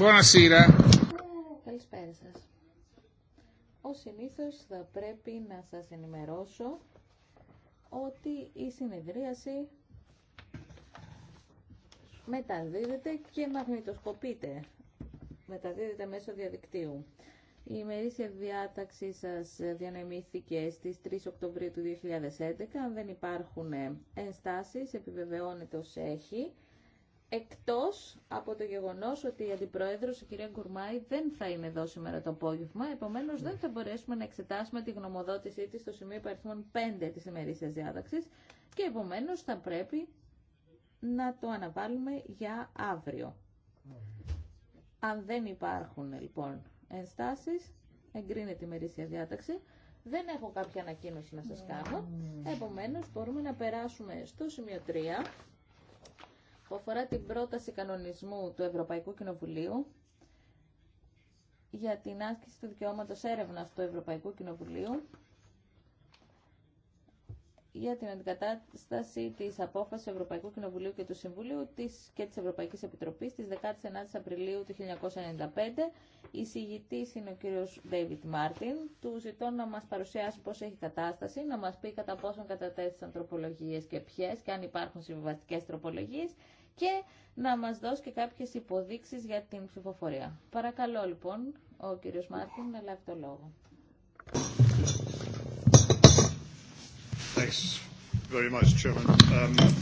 Καλησπέρα σα. Ω συνήθω θα πρέπει να σα ενημερώσω ότι η συνεδρίαση μεταδίδεται και μαγνητοσκοπείται. Μεταδίδεται μέσω διαδικτύου. Η ημερήσια διάταξη σας διανεμήθηκε στις 3 Οκτωβρίου του 2011. Αν δεν υπάρχουν ενστάσεις, επιβεβαιώνεται ω έχει εκτός από το γεγονός ότι η Αντιπρόεδρος, η κυρία Γκουρμάη, δεν θα είναι εδώ σήμερα το απόγευμα, επομένως δεν θα μπορέσουμε να εξετάσουμε τη γνωμοδότησή της στο σημείο υπαριθμών 5 της ημερήσιας διάταξης και επομένως θα πρέπει να το αναβάλουμε για αύριο. Αν δεν υπάρχουν λοιπόν ενστάσεις, εγκρίνεται η ημερήσια διάταξη. Δεν έχω κάποια ανακοίνωση να σας κάνω, επομένως μπορούμε να περάσουμε στο σημείο 3 που αφορά την πρόταση κανονισμού του Ευρωπαϊκού Κοινοβουλίου για την άσκηση του δικαιώματος έρευνα του Ευρωπαϊκού Κοινοβουλίου για την αντικατάσταση της απόφασης του Ευρωπαϊκού Κοινοβουλίου και του Συμβουλίου της και της Ευρωπαϊκής Επιτροπής της 19 Απριλίου του 1995. Η συγητής είναι ο κύριος David Μάρτιν. Του ζητώ να μας παρουσιάσει πώς έχει κατάσταση, να μας πει κατά πόσον κατατέθησαν και ποιε και αν υπάρχουν συμβιβαστικές τροπολογίε και να μας δώσει και κάποιες υποδείξεις για την ψηφοφορία. Παρακαλώ λοιπόν ο κύριος Μάρτιν να λάβει το λόγο. Um,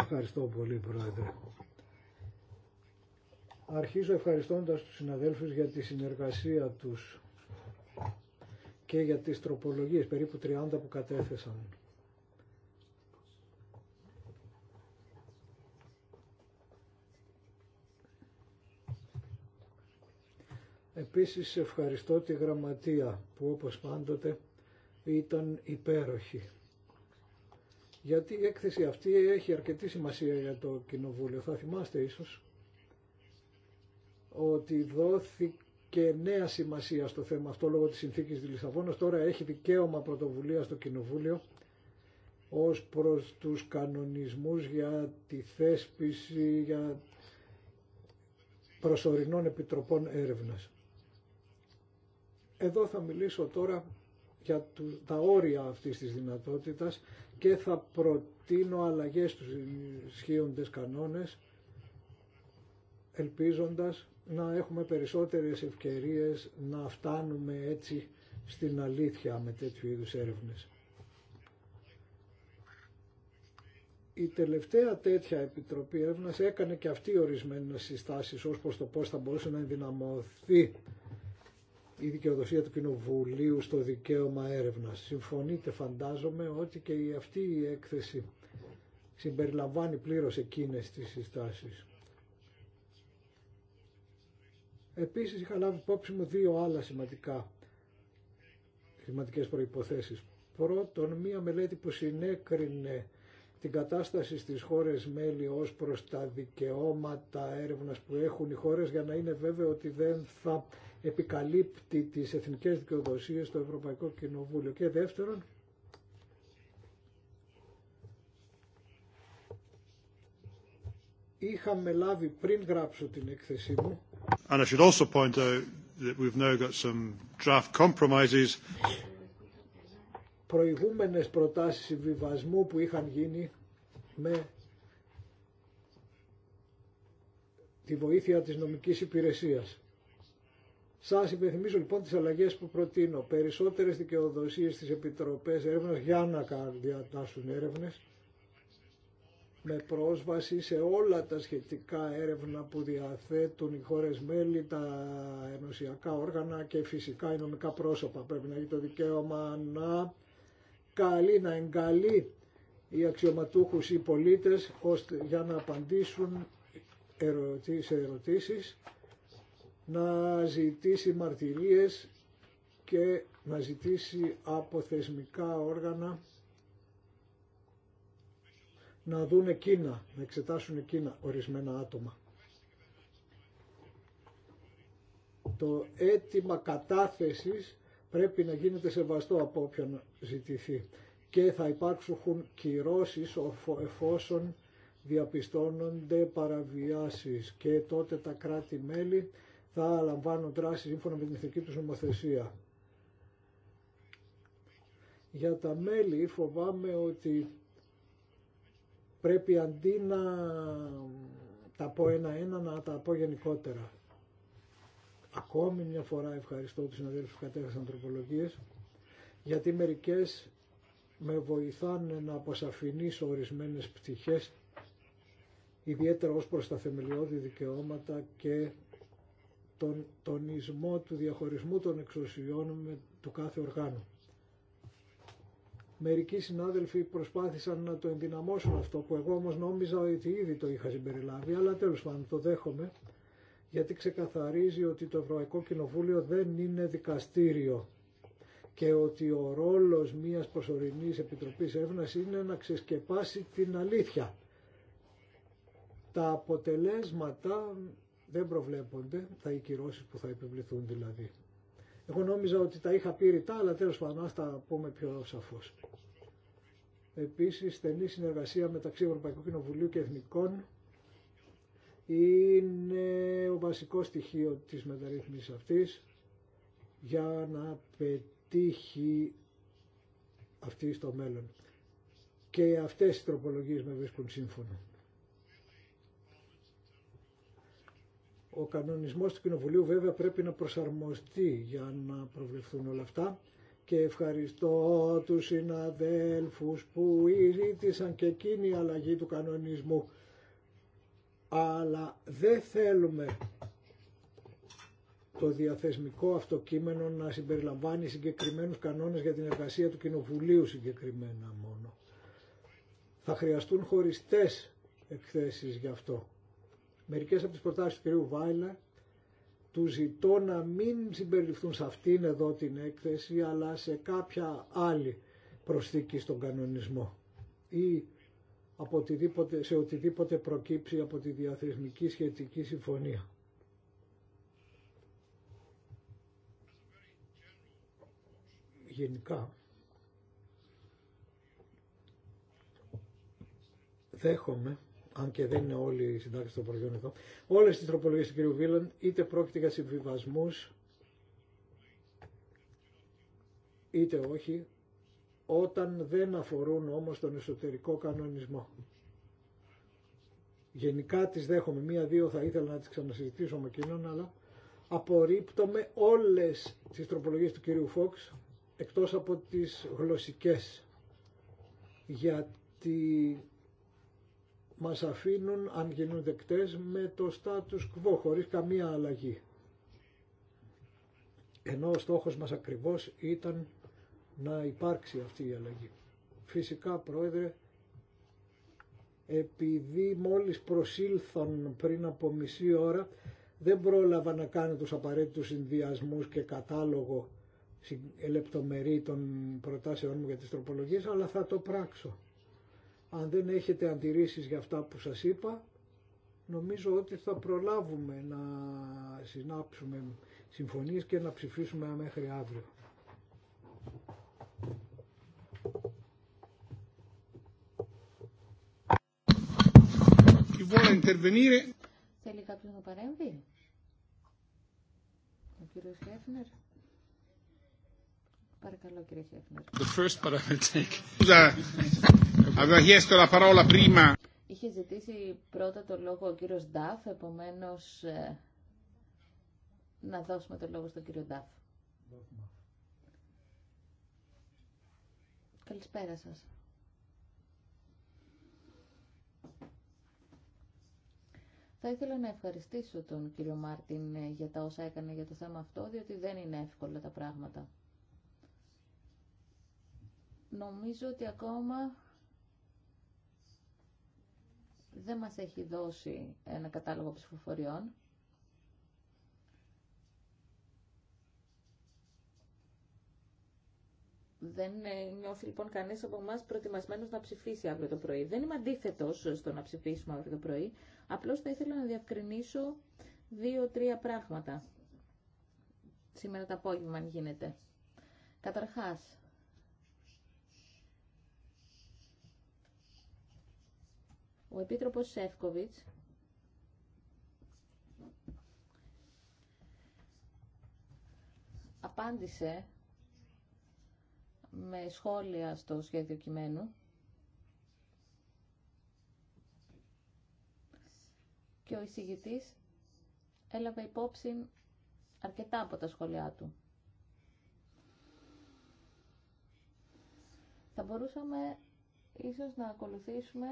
Ευχαριστώ πολύ, Πρόεδρε. Αρχίζω ευχαριστώντας τους συναδέλφους για τη συνεργασία τους και για τις τροπολογίες, περίπου 30 που κατέθεσαν. Επίσης ευχαριστώ τη γραμματεία που όπως πάντοτε ήταν υπέροχη. Γιατί η έκθεση αυτή έχει αρκετή σημασία για το Κοινοβούλιο. Θα θυμάστε ίσως ότι δόθηκε νέα σημασία στο θέμα αυτό λόγω της συνθήκης της Λισαβόνας. Τώρα έχει δικαίωμα πρωτοβουλία στο Κοινοβούλιο ως προς τους κανονισμούς για τη θέσπιση για προσωρινών επιτροπών έρευνας. Εδώ θα μιλήσω τώρα για τα όρια αυτής της δυνατότητας και θα προτείνω αλλαγές στους ισχύοντες κανόνες ελπίζοντας να έχουμε περισσότερες ευκαιρίες να φτάνουμε έτσι στην αλήθεια με τέτοιου είδους έρευνες. Η τελευταία τέτοια επιτροπή έρευνας έκανε και αυτή ορισμένες συστάσεις ως προς το πώς θα μπορούσε να ενδυναμωθεί η δικαιοδοσία του Κοινοβουλίου στο δικαίωμα έρευνας. Συμφωνείτε φαντάζομαι ότι και αυτή η έκθεση συμπεριλαμβάνει πλήρως εκείνες τις συστάσεις. Επίσης είχα λάβει υπόψη μου δύο άλλα σημαντικά σημαντικές προϋποθέσεις. Πρώτον, μία μελέτη που συνέκρινε την κατάσταση στις χώρες μέλη ως προς τα δικαιώματα έρευνας που έχουν οι χώρες για να είναι βέβαιο ότι δεν θα επικαλύπτει τις εθνικές δικαιοδοσίες στο Ευρωπαϊκό Κοινοβούλιο. Και δεύτερον, είχαμε λάβει πριν γράψω την έκθεσή μου And I also point that we've now got some draft compromises. προηγούμενες προτάσεις συμβιβασμού που είχαν γίνει με τη βοήθεια της νομικής υπηρεσίας. Σας υπενθυμίζω λοιπόν τις αλλαγές που προτείνω. Περισσότερες δικαιοδοσίε στις επιτροπές έρευνας για να διατάσσουν έρευνε, με πρόσβαση σε όλα τα σχετικά έρευνα που διαθέτουν οι χώρες μέλη, τα ενωσιακά όργανα και φυσικά οι νομικά πρόσωπα. Πρέπει να έχει το δικαίωμα να καλεί, να εγκαλεί οι αξιωματούχους ή πολίτες ώστε για να απαντήσουν σε ερωτήσεις να ζητήσει μαρτυρίες και να ζητήσει από θεσμικά όργανα να δουν εκείνα, να εξετάσουν εκείνα ορισμένα άτομα. Το αίτημα κατάθεσης πρέπει να γίνεται σεβαστό από όποιον ζητηθεί και θα υπάρξουν κυρώσεις εφόσον διαπιστώνονται παραβιάσεις και τότε τα κράτη-μέλη θα λαμβάνουν δράση σύμφωνα με την εθνική τους νομοθεσία. Για τα μέλη φοβάμαι ότι πρέπει αντί να τα πω ένα-ένα να τα πω γενικότερα. Ακόμη μια φορά ευχαριστώ τους συναδέλφους που κατέχασαν γιατί μερικές με βοηθάνε να αποσαφηνίσω ορισμένες πτυχές ιδιαίτερα ως προς τα θεμελιώδη δικαιώματα και τον τονισμό του διαχωρισμού των εξουσιών με, του κάθε οργάνου. Μερικοί συνάδελφοι προσπάθησαν να το ενδυναμώσουν αυτό που εγώ όμως νόμιζα ότι ήδη το είχα συμπεριλάβει, αλλά τέλος πάντων το δέχομαι γιατί ξεκαθαρίζει ότι το Ευρωπαϊκό Κοινοβούλιο δεν είναι δικαστήριο και ότι ο ρόλος μιας προσωρινής Επιτροπής Έρευνας είναι να ξεσκεπάσει την αλήθεια. Τα αποτελέσματα δεν προβλέπονται, τα οι που θα επιβληθούν δηλαδή. Εγώ νόμιζα ότι τα είχα πει ρητά, αλλά τέλος πάντων ας τα πούμε πιο σαφώς. Επίσης, στενή συνεργασία μεταξύ Ευρωπαϊκού Κοινοβουλίου και Εθνικών είναι ο βασικό στοιχείο της μεταρρύθμισης αυτής για να πετύχει αυτή στο μέλλον. Και αυτές οι τροπολογίες με βρίσκουν σύμφωνο. Ο κανονισμός του Κοινοβουλίου βέβαια πρέπει να προσαρμοστεί για να προβλεφθούν όλα αυτά και ευχαριστώ τους συναδέλφους που ζήτησαν και εκείνη η αλλαγή του κανονισμού. Αλλά δεν θέλουμε το διαθεσμικό αυτοκείμενο να συμπεριλαμβάνει συγκεκριμένους κανόνες για την εργασία του Κοινοβουλίου συγκεκριμένα μόνο. Θα χρειαστούν χωριστές εκθέσεις γι' αυτό μερικές από τις προτάσεις του κυρίου Βάιλα του ζητώ να μην συμπεριληφθούν σε αυτήν εδώ την έκθεση αλλά σε κάποια άλλη προσθήκη στον κανονισμό ή από σε οτιδήποτε προκύψει από τη διαθεσμική σχετική συμφωνία. Γενικά δέχομαι αν και δεν είναι όλοι οι συντάξει των προϊόντων εδώ, όλες τις τροπολογίες του κ. Βίλαν είτε πρόκειται για συμβιβασμού είτε όχι, όταν δεν αφορούν όμως τον εσωτερικό κανονισμό. Γενικά τις δέχομαι, μία-δύο θα ήθελα να τις ξανασυζητήσω με εκείνον, αλλά απορρίπτομαι όλες τις τροπολογίες του κυρίου Φόξ, εκτός από τις γλωσσικές, γιατί μας αφήνουν, αν γίνουν δεκτές, με το status quo, χωρίς καμία αλλαγή. Ενώ ο στόχος μας ακριβώς ήταν να υπάρξει αυτή η αλλαγή. Φυσικά, Πρόεδρε, επειδή μόλις προσήλθαν πριν από μισή ώρα, δεν πρόλαβα να κάνω τους απαραίτητους συνδυασμούς και κατάλογο λεπτομερή των προτάσεων μου για τις τροπολογίες, αλλά θα το πράξω. Αν δεν έχετε αντιρρήσεις για αυτά που σας είπα, νομίζω ότι θα προλάβουμε να συνάψουμε συμφωνίες και να ψηφίσουμε μέχρι αύριο. Θέλει να παρέμβει. Ο Παρακαλώ κύριε Είχε ζητήσει πρώτα το λόγο ο κύριος Νταφ, επομένως ε, να δώσουμε το λόγο στον κύριο Νταφ. Καλησπέρα σας. Θα ήθελα να ευχαριστήσω τον κύριο Μάρτιν ε, για τα όσα έκανε για το θέμα αυτό, διότι δεν είναι εύκολα τα πράγματα. Νομίζω ότι ακόμα δεν μας έχει δώσει ένα κατάλογο ψηφοφοριών. Δεν ε, νιώθει λοιπόν κανείς από εμά προετοιμασμένος να ψηφίσει αύριο το πρωί. Δεν είμαι αντίθετο στο να ψηφίσουμε αύριο το πρωί. Απλώς θα ήθελα να διευκρινίσω δύο-τρία πράγματα σήμερα το απόγευμα αν γίνεται. Καταρχάς, Ο Επίτροπος Σεύκοβιτς απάντησε με σχόλια στο σχέδιο κειμένου και ο εισηγητής έλαβε υπόψη αρκετά από τα σχόλιά του. Θα μπορούσαμε ίσως να ακολουθήσουμε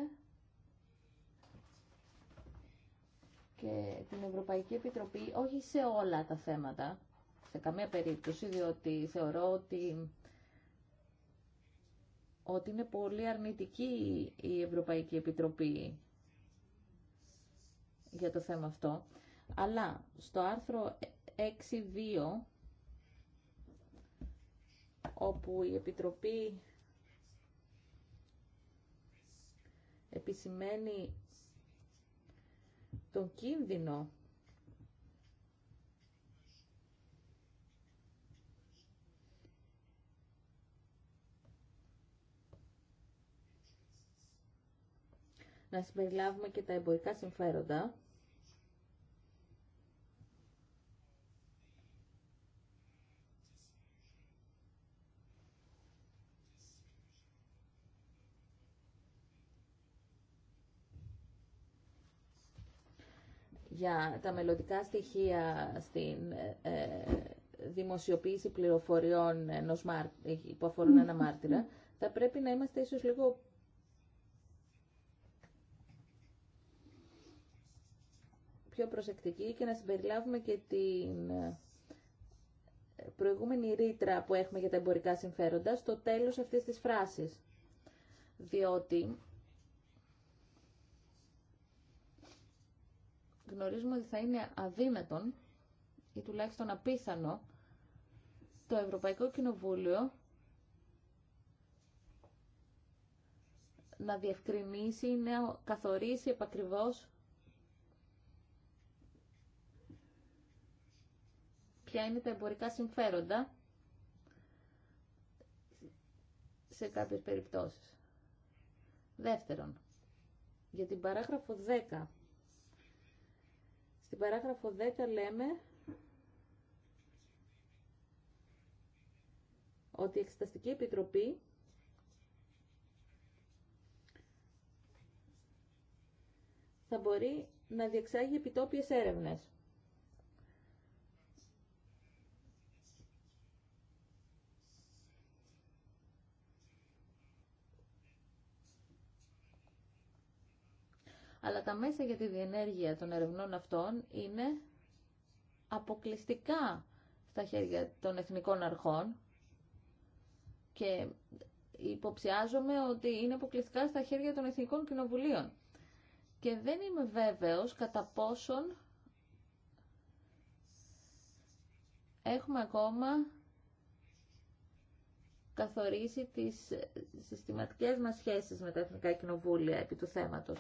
και την Ευρωπαϊκή Επιτροπή, όχι σε όλα τα θέματα, σε καμία περίπτωση, διότι θεωρώ ότι, ότι είναι πολύ αρνητική η Ευρωπαϊκή Επιτροπή για το θέμα αυτό. Αλλά στο άρθρο 6.2, όπου η Επιτροπή επισημαίνει τον κίνδυνο να συμπεριλάβουμε και τα εμπορικά συμφέροντα για τα μελλοντικά στοιχεία στην ε, ε, δημοσιοποίηση πληροφοριών που αφορούν ένα μάρτυρα, θα πρέπει να είμαστε ίσως λίγο πιο προσεκτικοί και να συμπεριλάβουμε και την ε, προηγούμενη ρήτρα που έχουμε για τα εμπορικά συμφέροντα στο τέλος αυτής της φράσης. Διότι γνωρίζουμε ότι θα είναι αδύνατον ή τουλάχιστον απίθανο το Ευρωπαϊκό Κοινοβούλιο να διευκρινίσει ή να καθορίσει επακριβώς ποια είναι τα εμπορικά συμφέροντα σε κάποιες περιπτώσεις. Δεύτερον, για την παράγραφο 10 στην παράγραφο 10 λέμε ότι η Εξεταστική Επιτροπή θα μπορεί να διεξάγει επιτόπιες έρευνες. αλλά τα μέσα για τη διενέργεια των ερευνών αυτών είναι αποκλειστικά στα χέρια των εθνικών αρχών και υποψιάζομαι ότι είναι αποκλειστικά στα χέρια των εθνικών κοινοβουλίων. Και δεν είμαι βέβαιος κατά πόσον έχουμε ακόμα καθορίσει τις συστηματικές μας σχέσεις με τα Εθνικά Κοινοβούλια επί του θέματος.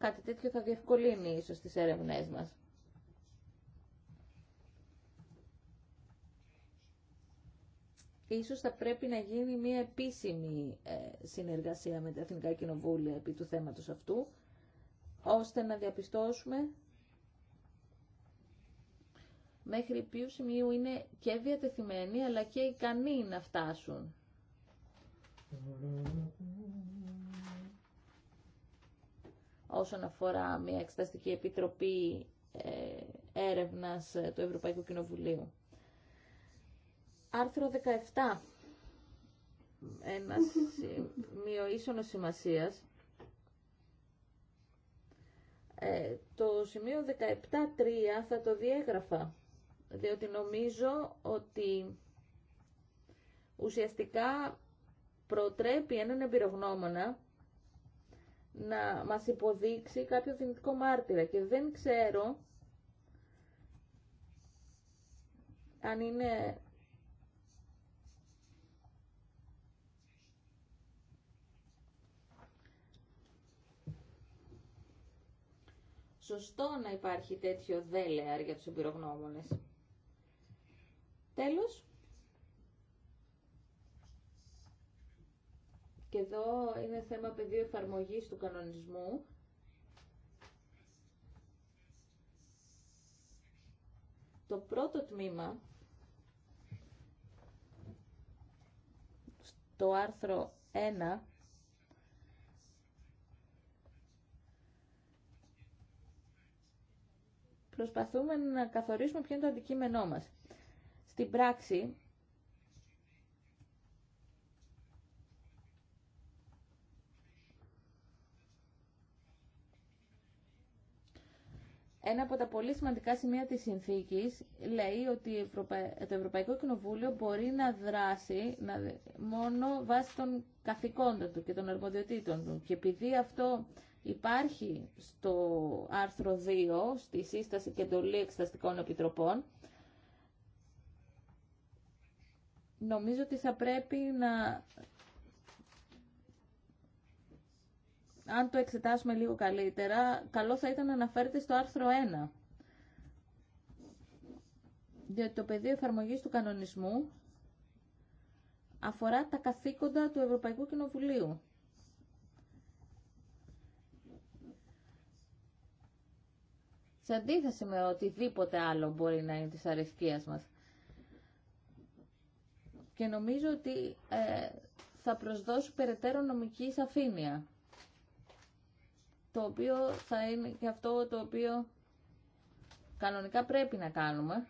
Κάτι τέτοιο θα διευκολύνει ίσως τις έρευνές μας. Ίσως θα πρέπει να γίνει μια επίσημη ε, συνεργασία με τα Εθνικά Κοινοβούλια επί του θέματος αυτού, ώστε να διαπιστώσουμε μέχρι ποιου σημείο είναι και διατεθειμένοι αλλά και ικανοί να φτάσουν. Mm-hmm. όσον αφορά μια εξεταστική επιτροπή ε, έρευνας ε, του Ευρωπαϊκού Κοινοβουλίου. Άρθρο 17. Ένας σημείο σημασίας. Ε, το σημείο 17.3 θα το διέγραφα, διότι νομίζω ότι ουσιαστικά προτρέπει έναν εμπειρογνώμονα να μας υποδείξει κάποιο δυνητικό μάρτυρα και δεν ξέρω αν είναι σωστό να υπάρχει τέτοιο δέλεαρ για τους εμπειρογνώμονες. Τέλος, Και εδώ είναι θέμα πεδίο εφαρμογής του κανονισμού. Το πρώτο τμήμα στο άρθρο 1 προσπαθούμε να καθορίσουμε ποιο είναι το αντικείμενό μας. Στην πράξη, Ένα από τα πολύ σημαντικά σημεία της συνθήκης λέει ότι το Ευρωπαϊκό Κοινοβούλιο μπορεί να δράσει μόνο βάσει των καθηκόντων του και των αρμοδιοτήτων του. Και επειδή αυτό υπάρχει στο άρθρο 2, στη σύσταση και εντολή εξεταστικών επιτροπών, νομίζω ότι θα πρέπει να αν το εξετάσουμε λίγο καλύτερα, καλό θα ήταν να αναφέρεται στο άρθρο 1. Διότι το πεδίο εφαρμογή του κανονισμού αφορά τα καθήκοντα του Ευρωπαϊκού Κοινοβουλίου. Σε αντίθεση με οτιδήποτε άλλο μπορεί να είναι της αρεσκίας μας. Και νομίζω ότι ε, θα προσδώσει περαιτέρω νομική σαφήνεια το οποίο θα είναι και αυτό το οποίο κανονικά πρέπει να κάνουμε.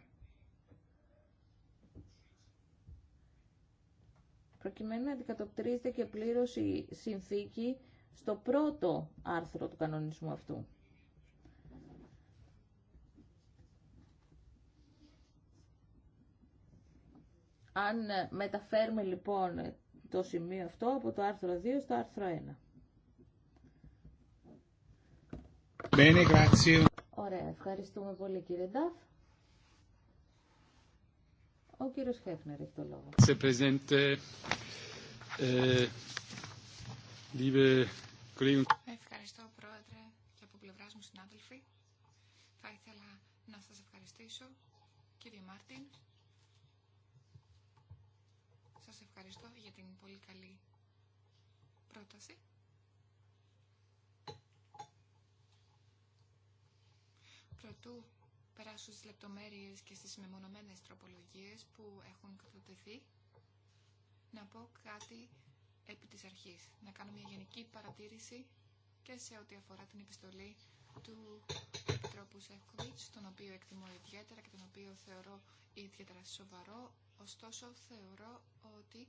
προκειμένου να αντικατοπτρίζεται και πλήρως η συνθήκη στο πρώτο άρθρο του κανονισμού αυτού. Αν μεταφέρουμε λοιπόν το σημείο αυτό από το άρθρο 2 στο άρθρο 1. Ωραία, ευχαριστούμε πολύ κύριε Νταφ. Ο κύριος Χέφνερ έχει το λόγο. Σε Ευχαριστώ Πρόεδρε και από πλευρά μου συνάδελφοι. Θα ήθελα να σας ευχαριστήσω κύριε Μάρτιν. Σας ευχαριστώ για την πολύ καλή πρόταση. Προτού περάσω στις λεπτομέρειες και στις μεμονωμένες τροπολογίες που έχουν κατατεθεί, να πω κάτι επί της αρχής. Να κάνω μια γενική παρατήρηση και σε ό,τι αφορά την επιστολή του Επιτρόπου Σεύκοβιτς, τον οποίο εκτιμώ ιδιαίτερα και τον οποίο θεωρώ ιδιαίτερα σοβαρό, ωστόσο θεωρώ ότι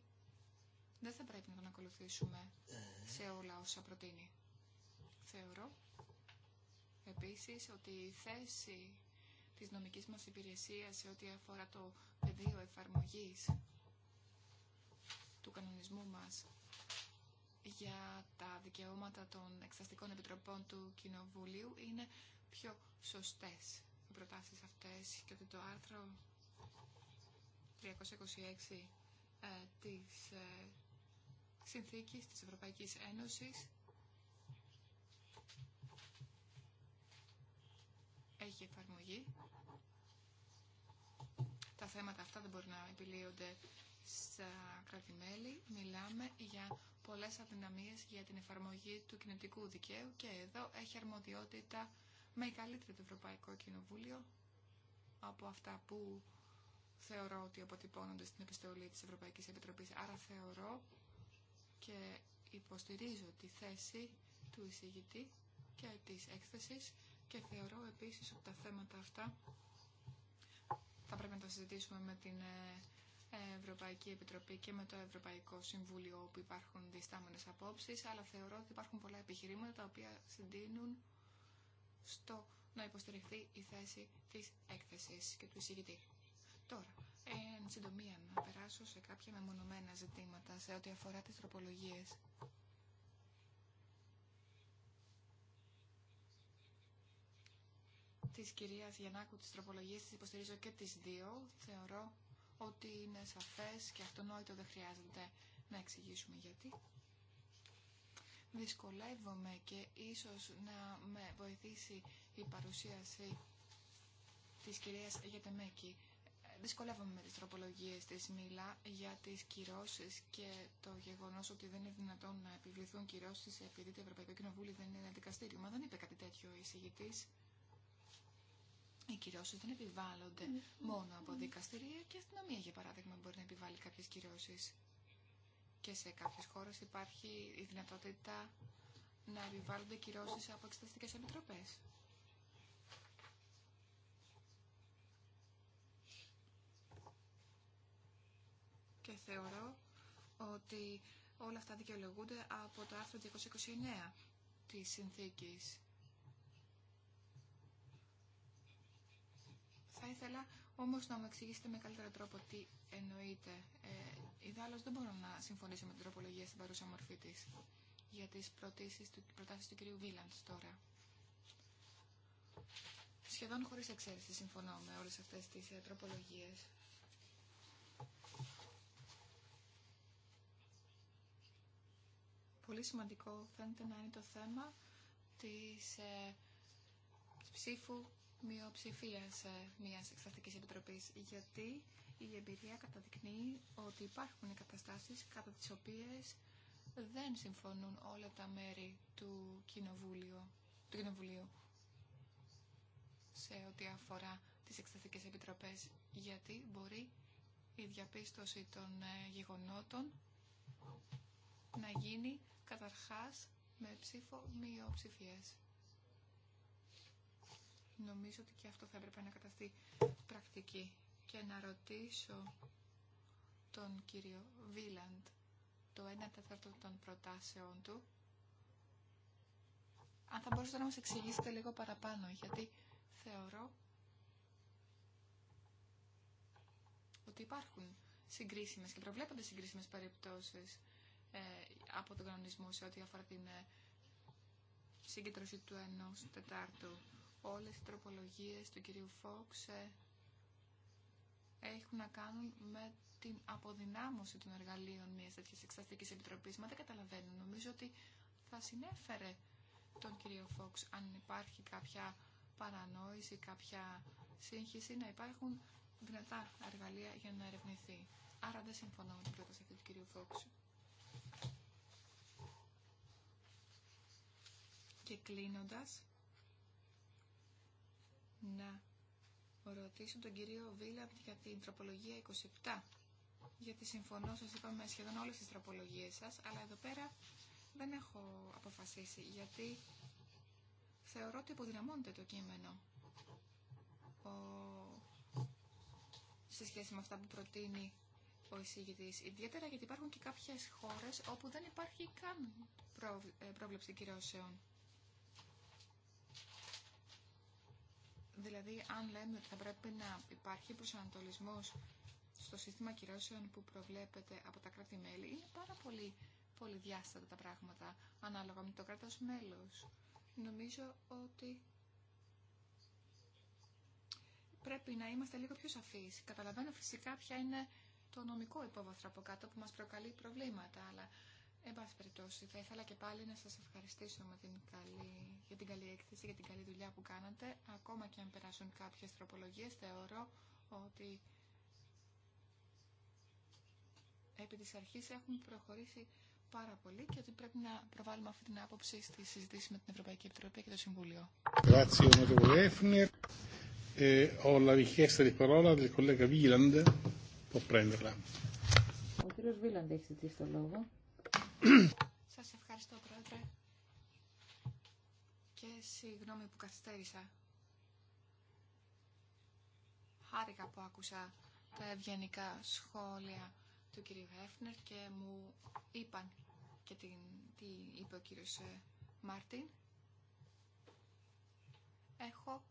δεν θα πρέπει να τον ακολουθήσουμε σε όλα όσα προτείνει. Θεωρώ επίσης ότι η θέση της νομικής μας υπηρεσίας σε ό,τι αφορά το πεδίο εφαρμογής του κανονισμού μας για τα δικαιώματα των εξαστικών επιτροπών του Κοινοβουλίου είναι πιο σωστές οι προτάσεις αυτές και ότι το άρθρο 326 ε, της ε, Συνθήκης της Ευρωπαϊκής Ένωσης έχει εφαρμογή. Τα θέματα αυτά δεν μπορεί να επιλύονται στα κρατη Μιλάμε για πολλές αδυναμίες για την εφαρμογή του κοινωτικού δικαίου και εδώ έχει αρμοδιότητα με καλύτερη το Ευρωπαϊκό Κοινοβούλιο από αυτά που θεωρώ ότι αποτυπώνονται στην επιστολή της Ευρωπαϊκής Επιτροπής. Άρα θεωρώ και υποστηρίζω τη θέση του εισηγητή και της έκθεσης και θεωρώ επίσης ότι τα θέματα αυτά θα πρέπει να τα συζητήσουμε με την ε, Ευρωπαϊκή Επιτροπή και με το Ευρωπαϊκό Συμβούλιο όπου υπάρχουν διστάμενες απόψεις, αλλά θεωρώ ότι υπάρχουν πολλά επιχειρήματα τα οποία συντείνουν στο να υποστηριχθεί η θέση της έκθεσης και του εισηγητή. Τώρα, εν συντομία να περάσω σε κάποια μεμονωμένα ζητήματα σε ό,τι αφορά τις τροπολογίες. Τη κυρία Γιαννάκου τη Τροπολογία, τη υποστηρίζω και τις δύο. Θεωρώ ότι είναι σαφέ και αυτονόητο δεν χρειάζεται να εξηγήσουμε γιατί. Δυσκολεύομαι και ίσως να με βοηθήσει η παρουσίαση της κυρίας Γιατεμέκη. Δυσκολεύομαι με τις τροπολογίες της Μίλα για τις κυρώσεις και το γεγονός ότι δεν είναι δυνατόν να επιβληθούν κυρώσεις επειδή το Ευρωπαϊκό Κοινοβούλιο δεν είναι δικαστήριο. Μα δεν είπε κάτι τέτοιο ο οι κυρώσει δεν επιβάλλονται μόνο από δικαστηρία και αστυνομία, για παράδειγμα, μπορεί να επιβάλλει κάποιε κυρώσει. Και σε κάποιε χώρε υπάρχει η δυνατότητα να επιβάλλονται κυρώσει από εξεταστικέ επιτροπέ. Και θεωρώ ότι όλα αυτά δικαιολογούνται από το άρθρο 229 της συνθήκης Θα ήθελα όμως να μου εξηγήσετε με καλύτερο τρόπο τι εννοείτε. Ε, Ιδάλλως δεν μπορώ να συμφωνήσω με την τροπολογία στην παρούσα μορφή της για τις προτάσεις του, προτάσεις του κυρίου Βίλαντ τώρα. Σχεδόν χωρίς εξαίρεση συμφωνώ με όλες αυτές τις ε, τροπολογίες. Πολύ σημαντικό φαίνεται να είναι το θέμα της ε, ψήφου μειοψηφία ε, μια εξεταστική επιτροπή. Γιατί η εμπειρία καταδεικνύει ότι υπάρχουν καταστάσει κατά τι οποίε δεν συμφωνούν όλα τα μέρη του Κοινοβουλίου, του κοινοβουλίου σε ό,τι αφορά τις εξεταστικές επιτροπές, γιατί μπορεί η διαπίστωση των ε, γεγονότων να γίνει καταρχάς με ψήφο μειοψηφίας. Νομίζω ότι και αυτό θα έπρεπε να καταστεί πρακτική. Και να ρωτήσω τον κύριο Βίλαντ το 1 τέταρτο των προτάσεων του. Αν θα μπορούσατε να μας εξηγήσετε λίγο παραπάνω, γιατί θεωρώ ότι υπάρχουν συγκρίσιμες και προβλέπονται συγκρίσιμες περιπτώσεις ε, από τον κανονισμό σε ό,τι αφορά την ε, συγκέντρωση του ενός τετάρτου όλες οι τροπολογίες του κυρίου Φόξ ε, έχουν να κάνουν με την αποδυνάμωση των εργαλείων μιας τέτοιας εξαστικής επιτροπής. Μα δεν καταλαβαίνω. Νομίζω ότι θα συνέφερε τον κύριο Φόξ αν υπάρχει κάποια παρανόηση, κάποια σύγχυση, να υπάρχουν δυνατά εργαλεία για να ερευνηθεί. Άρα δεν συμφωνώ με την πρόταση αυτή του κυρίου Φόξ. Και κλείνοντας, να ρωτήσω τον κύριο Βίλα για την τροπολογία 27. Γιατί συμφωνώ, σας είπαμε σχεδόν όλες τις τροπολογίες σας, αλλά εδώ πέρα δεν έχω αποφασίσει, γιατί θεωρώ ότι υποδυναμώνεται το κείμενο. Σε σχέση με αυτά που προτείνει ο εισήγητη. Ιδιαίτερα γιατί υπάρχουν και κάποιες χώρε όπου δεν υπάρχει καν ε, πρόβλεψη κυρώσεων. Δηλαδή, αν λέμε ότι θα πρέπει να υπάρχει προσανατολισμό στο σύστημα κυρώσεων που προβλέπεται από τα κράτη-μέλη, είναι πάρα πολύ, διάστατα τα πράγματα ανάλογα με το κράτο μέλο. Νομίζω ότι πρέπει να είμαστε λίγο πιο σαφείς. Καταλαβαίνω φυσικά ποια είναι το νομικό υπόβαθρο από κάτω που μας προκαλεί προβλήματα, αλλά Εν πάση περιπτώσει, θα ήθελα και πάλι να σας ευχαριστήσω με την καλή, για την καλή έκθεση, για την καλή δουλειά που κάνατε. Ακόμα και αν περάσουν κάποιες τροπολογίες, θεωρώ ότι επί της αρχής έχουν προχωρήσει πάρα πολύ και ότι πρέπει να προβάλλουμε αυτή την άποψη στη συζήτηση με την Ευρωπαϊκή Επιτροπή και το Συμβούλιο. Ε, ο κύριος Βίλαντ έχει ζητήσει το λόγο. Σας ευχαριστώ, Πρόεδρε. Και συγγνώμη που καθυστέρησα. Χάρηκα που άκουσα τα ευγενικά σχόλια του κυρίου Χέφνερ και μου είπαν και την, τι είπε ο κύριος ε, Μάρτιν. Έχω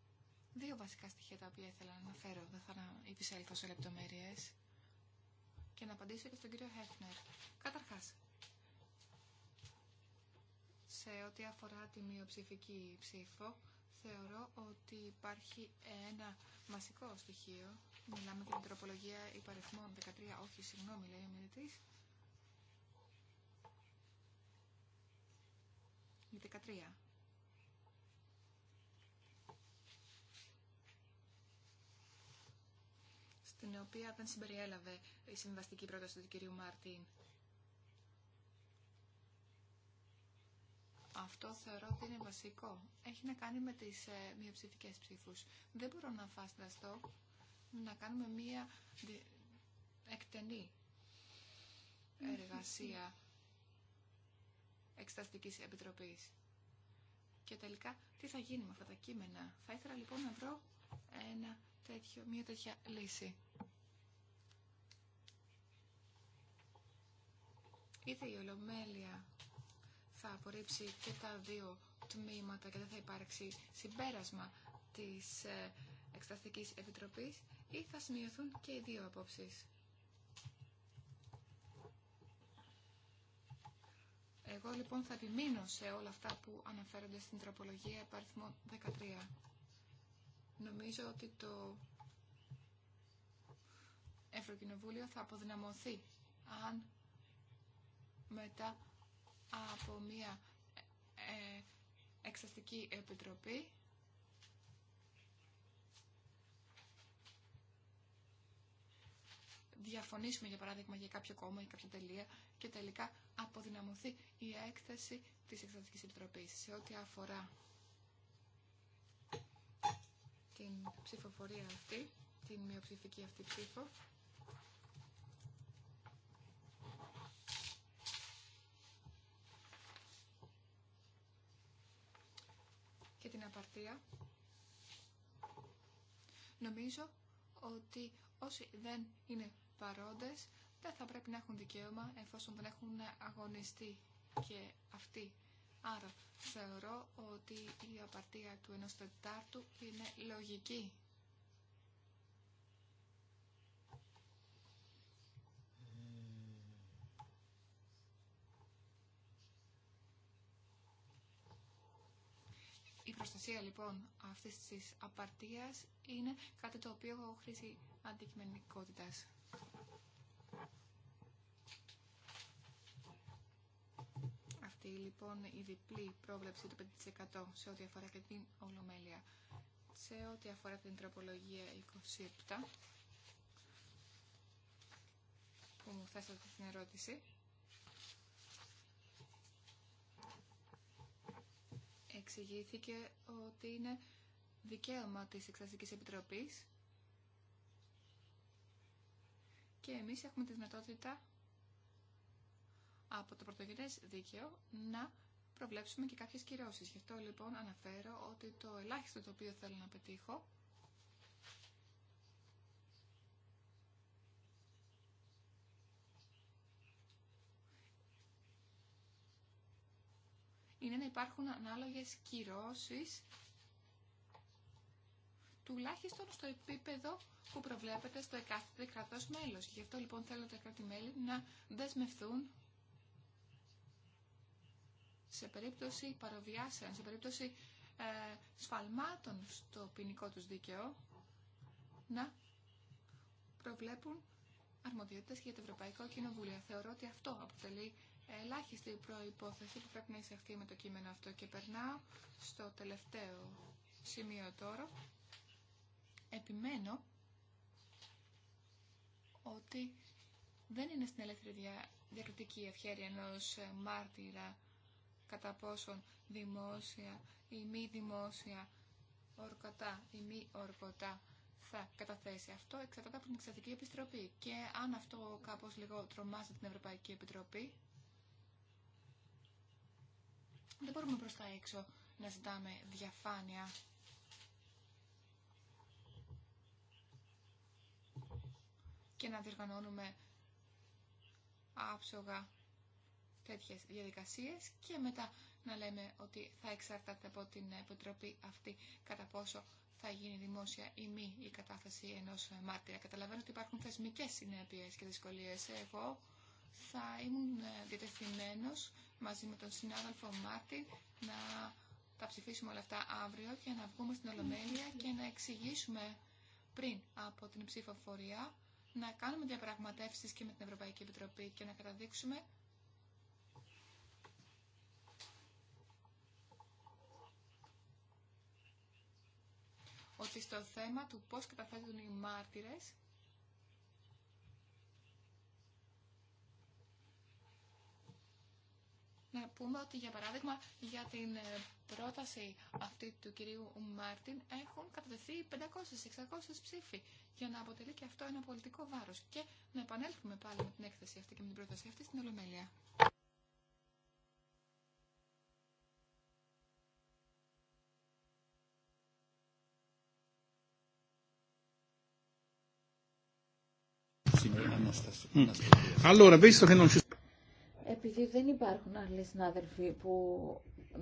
δύο βασικά στοιχεία τα οποία ήθελα να αναφέρω. Δεν θα επισέλθω σε λεπτομέρειες. Και να απαντήσω και στον κύριο Χέφνερ. Καταρχάς, σε ό,τι αφορά τη μειοψηφική ψήφο, θεωρώ ότι υπάρχει ένα μασικό στοιχείο. Μιλάμε για την τροπολογία υπαριθμών 13, όχι συγγνώμη λέει ο Η 13. Στην οποία δεν συμπεριέλαβε η συμβαστική πρόταση του κυρίου Μάρτιν. Αυτό θεωρώ ότι είναι βασικό. Έχει να κάνει με τις ε, μειοψηφικές ψήφους. Δεν μπορώ να φανταστώ να κάνουμε μία εκτενή εργασία Εξεταστικής Επιτροπής. Και τελικά, τι θα γίνει με αυτά τα κείμενα. Θα ήθελα λοιπόν να βρω ένα τέτοιο, μια τέτοια λύση. Είτε η Ολομέλεια θα απορρίψει και τα δύο τμήματα και δεν θα υπάρξει συμπέρασμα της ε, Εξεταστικής Επιτροπής ή θα σημειωθούν και οι δύο απόψεις. Εγώ λοιπόν θα επιμείνω σε όλα αυτά που αναφέρονται στην τροπολογία επαριθμό 13. Νομίζω ότι το Ευρωκοινοβούλιο θα αποδυναμωθεί αν μετά από μια ε, εξαστική επιτροπή διαφωνήσουμε για παράδειγμα για κάποιο κόμμα ή κάποια τελεία και τελικά αποδυναμωθεί η έκθεση της Εξεταστικής Επιτροπής σε ό,τι αφορά την ψηφοφορία αυτή, την μειοψηφική αυτή ψήφο. Νομίζω ότι όσοι δεν είναι παρόντες δεν θα πρέπει να έχουν δικαίωμα εφόσον δεν έχουν αγωνιστεί και αυτοί. Άρα θεωρώ ότι η απαρτία του ενός τετάρτου είναι λογική ουσία λοιπόν αυτής της απαρτίας είναι κάτι το οποίο χρήσει αντικειμενικότητας. Αυτή λοιπόν η διπλή πρόβλεψη του 5% σε ό,τι αφορά και την ολομέλεια. Σε ό,τι αφορά την τροπολογία 27 που μου θέσατε την ερώτηση εξηγήθηκε ότι είναι δικαίωμα της Εξαστικής Επιτροπής και εμείς έχουμε τη δυνατότητα από το πρωτογενές δίκαιο να προβλέψουμε και κάποιες κυρώσεις. Γι' αυτό λοιπόν αναφέρω ότι το ελάχιστο το οποίο θέλω να πετύχω να υπάρχουν ανάλογες κυρώσεις τουλάχιστον στο επίπεδο που προβλέπεται στο εκάστοτε κρατός μέλος. Γι' αυτό λοιπόν θέλω τα κράτη-μέλη να δεσμευθούν σε περίπτωση παροβιάσεων, σε περίπτωση ε, σφαλμάτων στο ποινικό τους δίκαιο, να προβλέπουν αρμοδιότητες για το Ευρωπαϊκό Κοινοβούλιο. Θεωρώ ότι αυτό αποτελεί ελάχιστη προϋπόθεση που πρέπει να εισαχθεί με το κείμενο αυτό και περνάω στο τελευταίο σημείο τώρα. Επιμένω ότι δεν είναι στην ελεύθερη διακριτική ευχαίρεια ενό ε, μάρτυρα κατά πόσον δημόσια ή μη δημόσια ορκωτά ή μη ορκωτά θα καταθέσει. Αυτό εξαρτάται από την Εξαρτική Επιστροπή. Και αν αυτό κάπως λίγο τρομάζει την Ευρωπαϊκή Επιτροπή, δεν μπορούμε προς τα έξω να ζητάμε διαφάνεια. Και να διοργανώνουμε άψογα τέτοιες διαδικασίες και μετά να λέμε ότι θα εξαρτάται από την επιτροπή αυτή κατά πόσο θα γίνει δημόσια ή μη η κατάθεση ενός μάρτυρα. Καταλαβαίνω ότι υπάρχουν θεσμικές συνέπειες και δυσκολίες. Εγώ θα ήμουν διατεθειμένος μαζί με τον συνάδελφο Μάρτι να τα ψηφίσουμε όλα αυτά αύριο και να βγούμε στην Ολομέλεια και να εξηγήσουμε πριν από την ψηφοφορία να κάνουμε διαπραγματεύσεις και με την Ευρωπαϊκή Επιτροπή και να καταδείξουμε ότι στο θέμα του πώς καταθέτουν οι μάρτυρες να πούμε ότι για παράδειγμα για την ε, πρόταση αυτή του κυρίου Μάρτιν έχουν κατατεθεί 500-600 ψήφοι για να αποτελεί και αυτό ένα πολιτικό βάρος και να επανέλθουμε πάλι με την έκθεση αυτή και με την πρόταση αυτή στην Ολομέλεια. Mm. Allora, visto che non επειδή δεν υπάρχουν άλλοι συνάδελφοι που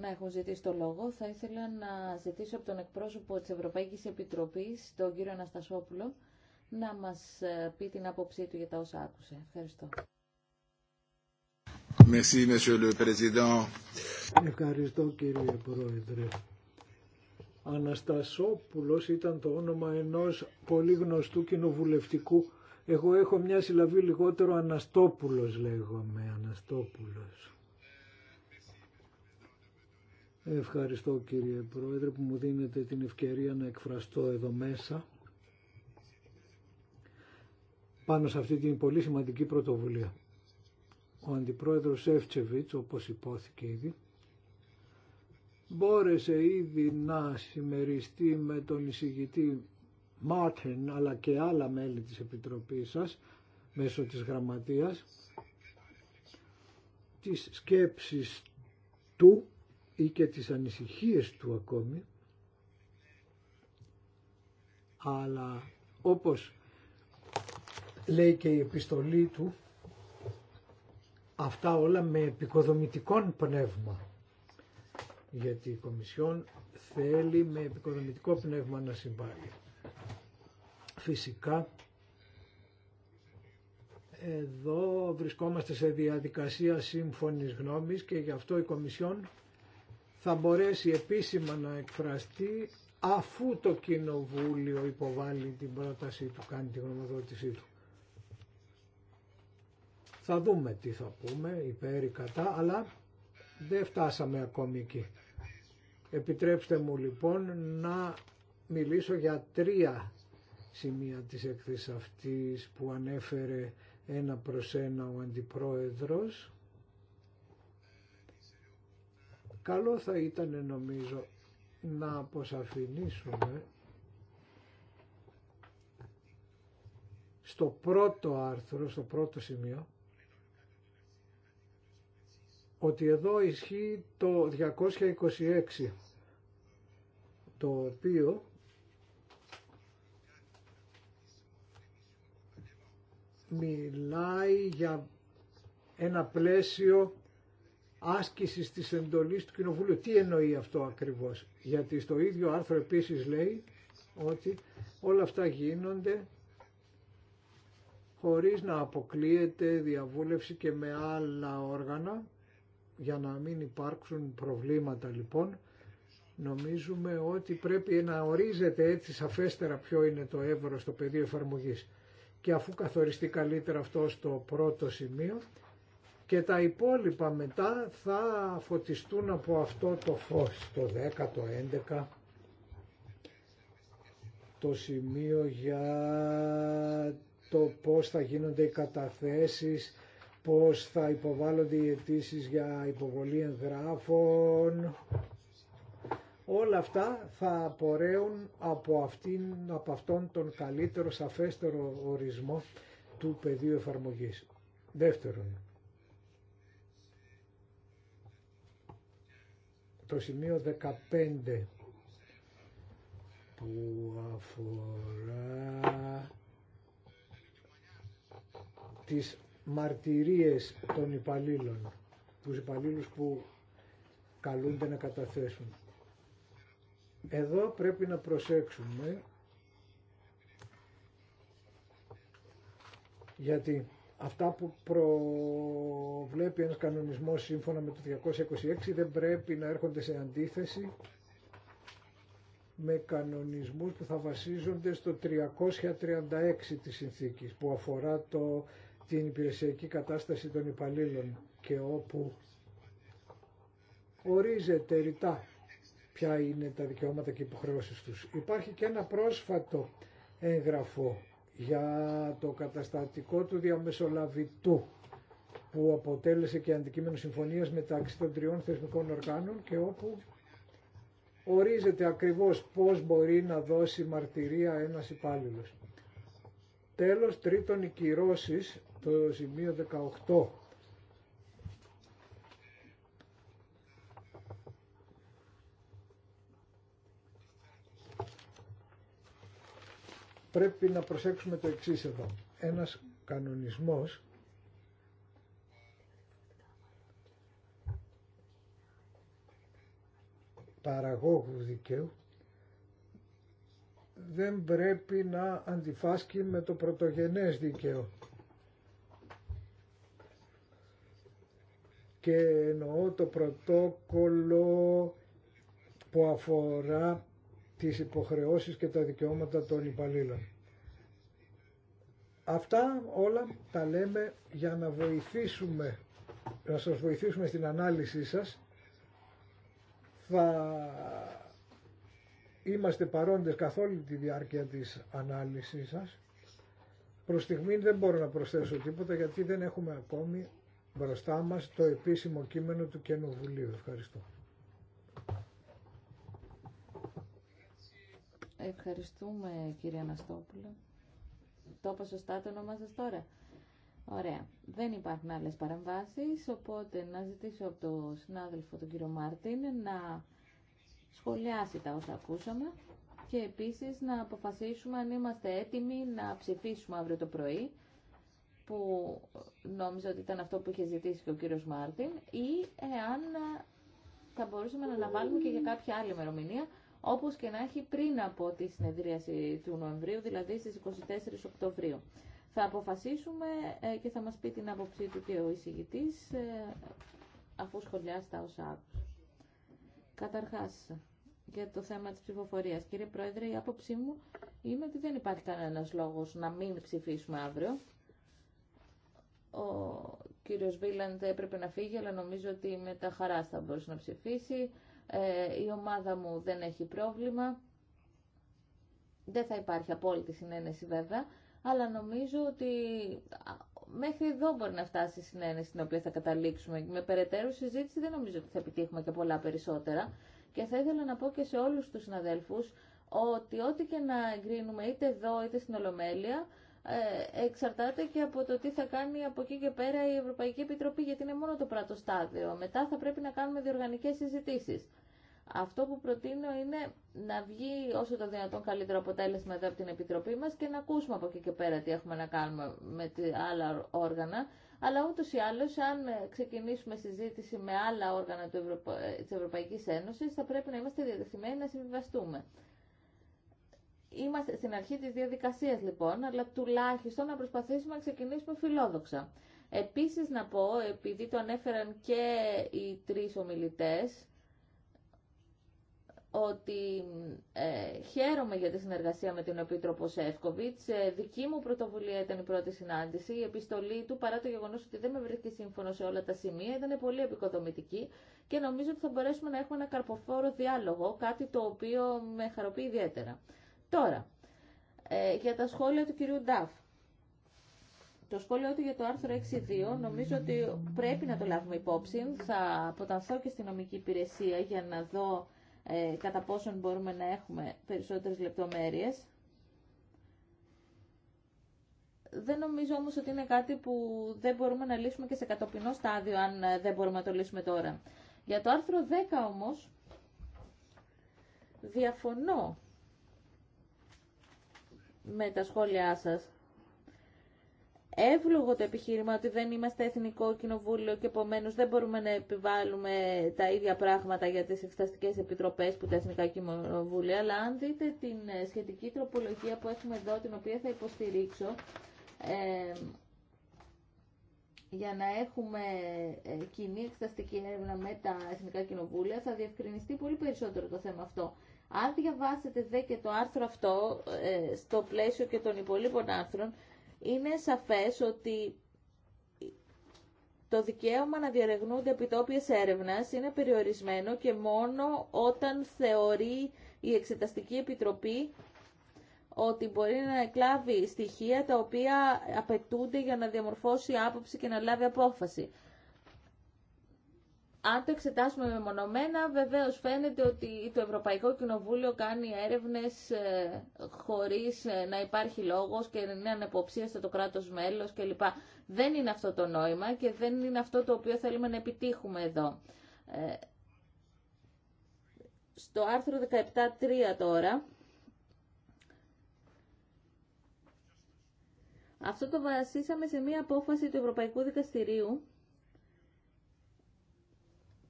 να έχουν ζητήσει το λόγο, θα ήθελα να ζητήσω από τον εκπρόσωπο της Ευρωπαϊκής Επιτροπής, τον κύριο Αναστασόπουλο, να μας ε, πει την άποψή του για τα όσα άκουσε. Ευχαριστώ. Ευχαριστώ κύριε Πρόεδρε. Αναστασόπουλος ήταν το όνομα ενός πολύ γνωστού κοινοβουλευτικού εγώ έχω μια συλλαβή λιγότερο Αναστόπουλος λέγομαι, Αναστόπουλος. Ευχαριστώ κύριε Πρόεδρε που μου δίνετε την ευκαιρία να εκφραστώ εδώ μέσα πάνω σε αυτή την πολύ σημαντική πρωτοβουλία. Ο Αντιπρόεδρος Εύτσεβιτς, όπως υπόθηκε ήδη, μπόρεσε ήδη να συμμεριστεί με τον εισηγητή αλλά και άλλα μέλη της Επιτροπής σας μέσω της Γραμματείας τις σκέψεις του ή και τις ανησυχίες του ακόμη αλλά όπως λέει και η επιστολή του αυτά όλα με επικοδομητικό πνεύμα γιατί η Κομισιόν θέλει με επικοδομητικό πνεύμα να συμβάλλει. Φυσικά εδώ βρισκόμαστε σε διαδικασία σύμφωνης γνώμης και γι' αυτό η Κομισιόν θα μπορέσει επίσημα να εκφραστεί αφού το Κοινοβούλιο υποβάλει την πρότασή του, κάνει τη γνωμοδότησή του. Θα δούμε τι θα πούμε, υπέρ ή κατά, αλλά δεν φτάσαμε ακόμη εκεί. Επιτρέψτε μου λοιπόν να μιλήσω για τρία σημεία της εκθέση αυτής που ανέφερε ένα προς ένα ο Αντιπρόεδρος. Καλό θα ήταν νομίζω να αποσαφηνίσουμε στο πρώτο άρθρο, στο πρώτο σημείο, ότι εδώ ισχύει το 226, το οποίο μιλάει για ένα πλαίσιο άσκησης της εντολής του Κοινοβουλίου. Τι εννοεί αυτό ακριβώς. Γιατί στο ίδιο άρθρο επίσης λέει ότι όλα αυτά γίνονται χωρίς να αποκλείεται διαβούλευση και με άλλα όργανα για να μην υπάρξουν προβλήματα λοιπόν νομίζουμε ότι πρέπει να ορίζεται έτσι σαφέστερα ποιο είναι το εύρο στο πεδίο εφαρμογής και αφού καθοριστεί καλύτερα αυτό στο πρώτο σημείο και τα υπόλοιπα μετά θα φωτιστούν από αυτό το φως, το 10, το 11, το σημείο για το πώς θα γίνονται οι καταθέσεις, πώς θα υποβάλλονται οι αιτήσει για υποβολή εγγράφων, Όλα αυτά θα απορρέουν από, αυτήν, από αυτόν τον καλύτερο, σαφέστερο ορισμό του πεδίου εφαρμογής. Δεύτερον, το σημείο 15 που αφορά τις μαρτυρίες των υπαλλήλων, τους υπαλλήλους που καλούνται να καταθέσουν. Εδώ πρέπει να προσέξουμε γιατί αυτά που προβλέπει ένας κανονισμός σύμφωνα με το 226 δεν πρέπει να έρχονται σε αντίθεση με κανονισμούς που θα βασίζονται στο 336 της συνθήκης που αφορά το, την υπηρεσιακή κατάσταση των υπαλλήλων και όπου ορίζεται ρητά ποια είναι τα δικαιώματα και υποχρεώσεις τους. Υπάρχει και ένα πρόσφατο έγγραφο για το καταστατικό του διαμεσολαβητού που αποτέλεσε και αντικείμενο συμφωνίας μεταξύ των τριών θεσμικών οργάνων και όπου ορίζεται ακριβώς πώς μπορεί να δώσει μαρτυρία ένας υπάλληλος. Τέλος, τρίτον, οι κυρώσεις, το σημείο 18 πρέπει να προσέξουμε το εξή εδώ. Ένας κανονισμός παραγόγου δικαίου δεν πρέπει να αντιφάσκει με το πρωτογενές δικαίου. Και εννοώ το πρωτόκολλο που αφορά τις υποχρεώσεις και τα δικαιώματα των υπαλλήλων. Αυτά όλα τα λέμε για να βοηθήσουμε, να σας βοηθήσουμε στην ανάλυση σας. Θα είμαστε παρόντες καθ' όλη τη διάρκεια της ανάλυσης σας. Προς στιγμή δεν μπορώ να προσθέσω τίποτα γιατί δεν έχουμε ακόμη μπροστά μας το επίσημο κείμενο του Κενοβουλίου. Ευχαριστώ. Ευχαριστούμε κύριε Αναστόπουλο. Το είπα σωστά το όνομά σας τώρα. Ωραία. Δεν υπάρχουν άλλες παραμβάσεις, οπότε να ζητήσω από τον συνάδελφο τον κύριο Μάρτιν να σχολιάσει τα όσα ακούσαμε και επίσης να αποφασίσουμε αν είμαστε έτοιμοι να ψηφίσουμε αύριο το πρωί που νόμιζα ότι ήταν αυτό που είχε ζητήσει και ο κύριος Μάρτιν ή εάν θα μπορούσαμε να αναβάλουμε και για κάποια άλλη ημερομηνία όπως και να έχει πριν από τη συνεδρίαση του Νοεμβρίου, δηλαδή στις 24 Οκτωβρίου. Θα αποφασίσουμε ε, και θα μας πει την άποψή του και ο εισηγητής, ε, αφού σχολιάσει τα όσα άκουσε. Καταρχάς, για το θέμα της ψηφοφορίας. Κύριε Πρόεδρε, η άποψή μου είναι ότι δεν υπάρχει κανένας λόγος να μην ψηφίσουμε αύριο. Ο κύριος Βίλαντ έπρεπε να φύγει, αλλά νομίζω ότι με τα χαρά θα μπορούσε να ψηφίσει. Ε, η ομάδα μου δεν έχει πρόβλημα. Δεν θα υπάρχει απόλυτη συνένεση βέβαια, αλλά νομίζω ότι μέχρι εδώ μπορεί να φτάσει η συνένεση την οποία θα καταλήξουμε. Με περαιτέρω συζήτηση δεν νομίζω ότι θα επιτύχουμε και πολλά περισσότερα. Και θα ήθελα να πω και σε όλους τους συναδέλφους ότι ό,τι και να εγκρίνουμε είτε εδώ είτε στην Ολομέλεια ε, εξαρτάται και από το τι θα κάνει από εκεί και πέρα η Ευρωπαϊκή Επιτροπή γιατί είναι μόνο το πρώτο στάδιο. Μετά θα πρέπει να κάνουμε διοργανικές συζητήσεις. Αυτό που προτείνω είναι να βγει όσο το δυνατόν καλύτερο αποτέλεσμα εδώ από την Επιτροπή μας και να ακούσουμε από εκεί και πέρα τι έχουμε να κάνουμε με άλλα όργανα. Αλλά ούτως ή άλλως, αν ξεκινήσουμε συζήτηση με άλλα όργανα του Ευρωπα... της Ευρωπαϊκής Ένωσης, θα πρέπει να είμαστε διατεθειμένοι να συμβιβαστούμε. Είμαστε στην αρχή της διαδικασίας λοιπόν, αλλά τουλάχιστον να προσπαθήσουμε να ξεκινήσουμε φιλόδοξα. Επίσης να πω, επειδή το ανέφεραν και οι τρεις ομιλητές, ότι ε, χαίρομαι για τη συνεργασία με τον Επίτροπο Σεύκοβιτς. Ε, δική μου πρωτοβουλία ήταν η πρώτη συνάντηση. Η επιστολή του, παρά το γεγονός ότι δεν με βρήκε σύμφωνο σε όλα τα σημεία, ήταν πολύ επικοδομητική και νομίζω ότι θα μπορέσουμε να έχουμε ένα καρποφόρο διάλογο, κάτι το οποίο με χαροποιεί ιδιαίτερα. Τώρα, ε, για τα σχόλια του κυρίου Νταφ. Το σχόλιο του για το άρθρο 6.2 νομίζω ότι πρέπει να το λάβουμε υπόψη. Θα αποτανθώ και στην νομική υπηρεσία για να δω ε, κατά πόσον μπορούμε να έχουμε περισσότερες λεπτομέρειες. Δεν νομίζω όμως ότι είναι κάτι που δεν μπορούμε να λύσουμε και σε κατοπινό στάδιο, αν ε, δεν μπορούμε να το λύσουμε τώρα. Για το άρθρο 10 όμως, διαφωνώ με τα σχόλιά σας εύλογο το επιχείρημα ότι δεν είμαστε εθνικό κοινοβούλιο και επομένω δεν μπορούμε να επιβάλλουμε τα ίδια πράγματα για τι εξεταστικές επιτροπέ που τα εθνικά κοινοβούλια, αλλά αν δείτε την ε, σχετική τροπολογία που έχουμε εδώ, την οποία θα υποστηρίξω, ε, για να έχουμε ε, κοινή εξεταστική έρευνα με τα εθνικά κοινοβούλια, θα διευκρινιστεί πολύ περισσότερο το θέμα αυτό. Αν διαβάσετε δε και το άρθρο αυτό, ε, στο πλαίσιο και των υπολείπων άρθρων, είναι σαφές ότι το δικαίωμα να διαρεγνούνται επιτόπιες έρευνας είναι περιορισμένο και μόνο όταν θεωρεί η Εξεταστική Επιτροπή ότι μπορεί να εκλάβει στοιχεία τα οποία απαιτούνται για να διαμορφώσει άποψη και να λάβει απόφαση. Αν το εξετάσουμε μεμονωμένα, βεβαίως φαίνεται ότι το Ευρωπαϊκό Κοινοβούλιο κάνει έρευνες ε, χωρίς ε, να υπάρχει λόγος και να είναι στο το κράτος μέλος κλπ. Δεν είναι αυτό το νόημα και δεν είναι αυτό το οποίο θέλουμε να επιτύχουμε εδώ. Ε, στο άρθρο 17.3 τώρα, αυτό το βασίσαμε σε μία απόφαση του Ευρωπαϊκού Δικαστηρίου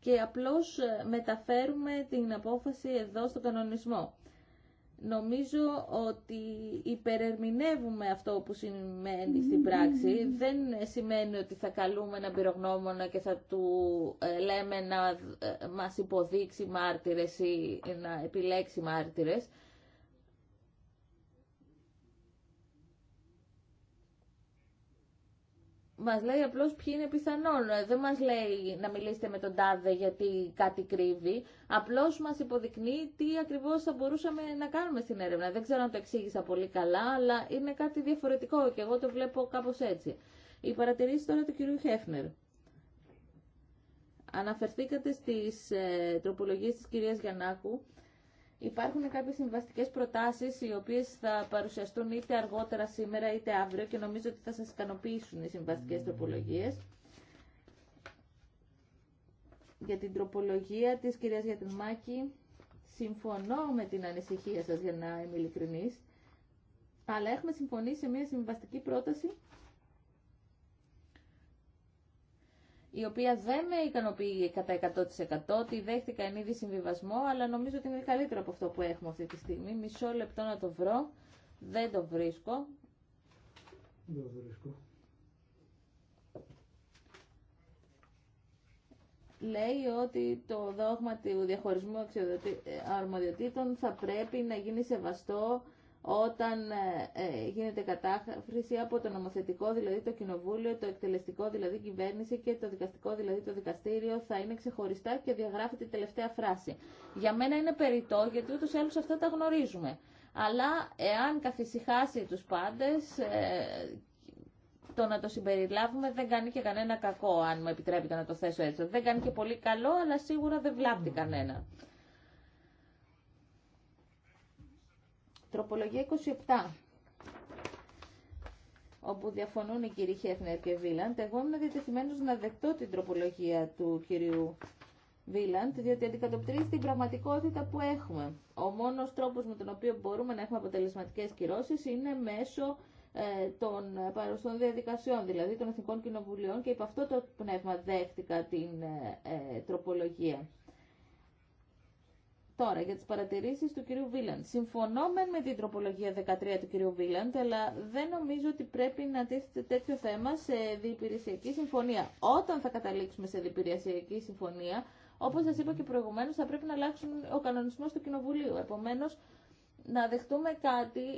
και απλώς ε, μεταφέρουμε την απόφαση εδώ στο κανονισμό. Νομίζω ότι υπερερμηνεύουμε αυτό που σημαίνει στην πράξη. Δεν σημαίνει ότι θα καλούμε έναν πυρογνώμονα και θα του ε, λέμε να ε, μας υποδείξει μάρτυρες ή να επιλέξει μάρτυρες. Μας λέει απλώς ποιοι είναι πιθανόν. Δεν μας λέει να μιλήσετε με τον Τάδε γιατί κάτι κρύβει. Απλώς μας υποδεικνύει τι ακριβώς θα μπορούσαμε να κάνουμε στην έρευνα. Δεν ξέρω αν το εξήγησα πολύ καλά, αλλά είναι κάτι διαφορετικό και εγώ το βλέπω κάπως έτσι. Η παρατηρήση τώρα του κυρίου Χέφνερ. Αναφερθήκατε στι ε, τροπολογίες της κυρίας Γιαννάκου Υπάρχουν κάποιες συμβαστικές προτάσεις οι οποίες θα παρουσιαστούν είτε αργότερα σήμερα είτε αύριο και νομίζω ότι θα σας ικανοποιήσουν οι συμβαστικές τροπολογίες. Για την τροπολογία της κυρίας Γιατρυμάκη συμφωνώ με την ανησυχία σας για να είμαι ειλικρινής, αλλά έχουμε συμφωνήσει σε μια συμβαστική πρόταση η οποία δεν με ικανοποιεί κατά 100% ότι δέχτηκα εν είδη συμβιβασμό, αλλά νομίζω ότι είναι καλύτερο από αυτό που έχουμε αυτή τη στιγμή. Μισό λεπτό να το βρω. Δεν το βρίσκω. Δεν το βρίσκω. λέει ότι το δόγμα του διαχωρισμού ε, αρμοδιοτήτων θα πρέπει να γίνει σεβαστό όταν ε, ε, γίνεται κατάφρηση από το νομοθετικό, δηλαδή το κοινοβούλιο, το εκτελεστικό, δηλαδή κυβέρνηση και το δικαστικό, δηλαδή το δικαστήριο, θα είναι ξεχωριστά και διαγράφεται η τελευταία φράση. Για μένα είναι περιττό, γιατί ούτως ή άλλως αυτά τα γνωρίζουμε. Αλλά εάν καθησυχάσει τους πάντες, ε, το να το συμπεριλάβουμε δεν κάνει και κανένα κακό, αν μου επιτρέπετε να το θέσω έτσι. Δεν κάνει και πολύ καλό, αλλά σίγουρα δεν βλάπτει κανένα. Τροπολογία 27 όπου διαφωνούν οι κύριοι Χέφνερ και Βίλαντ, εγώ είμαι διατεθειμένο να δεχτώ την τροπολογία του κυρίου Βίλαντ, διότι αντικατοπτρίζει την πραγματικότητα που έχουμε. Ο μόνο τρόπο με τον οποίο μπορούμε να έχουμε αποτελεσματικέ κυρώσει είναι μέσω ε, των παροστών διαδικασιών, δηλαδή των Εθνικών Κοινοβουλίων, και υπ' αυτό το πνεύμα δέχτηκα την ε, ε, τροπολογία. Τώρα, για τι παρατηρήσει του κυρίου Βίλαντ. Συμφωνώ με την τροπολογία 13 του κυρίου Βίλαντ, αλλά δεν νομίζω ότι πρέπει να τίθεται τέτοιο θέμα σε διπηρεσιακή συμφωνία. Όταν θα καταλήξουμε σε διπηρεσιακή συμφωνία, όπω σα είπα και προηγουμένω, θα πρέπει να αλλάξουν ο κανονισμό του Κοινοβουλίου. Επομένω να δεχτούμε κάτι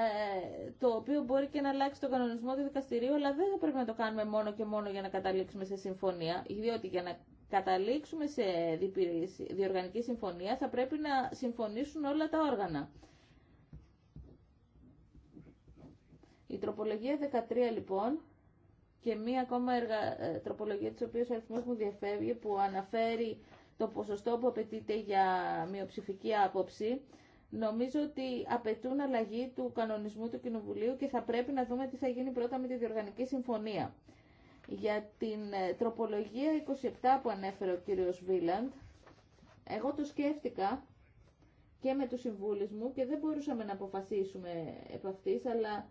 ε, το οποίο μπορεί και να αλλάξει τον κανονισμό του δικαστηρίου, αλλά δεν θα πρέπει να το κάνουμε μόνο και μόνο για να καταλήξουμε σε συμφωνία, διότι για να καταλήξουμε σε διοργανική συμφωνία θα πρέπει να συμφωνήσουν όλα τα όργανα. Η τροπολογία 13 λοιπόν και μία ακόμα εργα... Ε, τροπολογία της οποίας ο αριθμός μου διαφεύγει που αναφέρει το ποσοστό που απαιτείται για μειοψηφική άποψη νομίζω ότι απαιτούν αλλαγή του κανονισμού του Κοινοβουλίου και θα πρέπει να δούμε τι θα γίνει πρώτα με τη διοργανική συμφωνία. Για την ε, τροπολογία 27 που ανέφερε ο κύριος Βίλαντ, εγώ το σκέφτηκα και με τους συμβούλες μου και δεν μπορούσαμε να αποφασίσουμε επ' αυτής, αλλά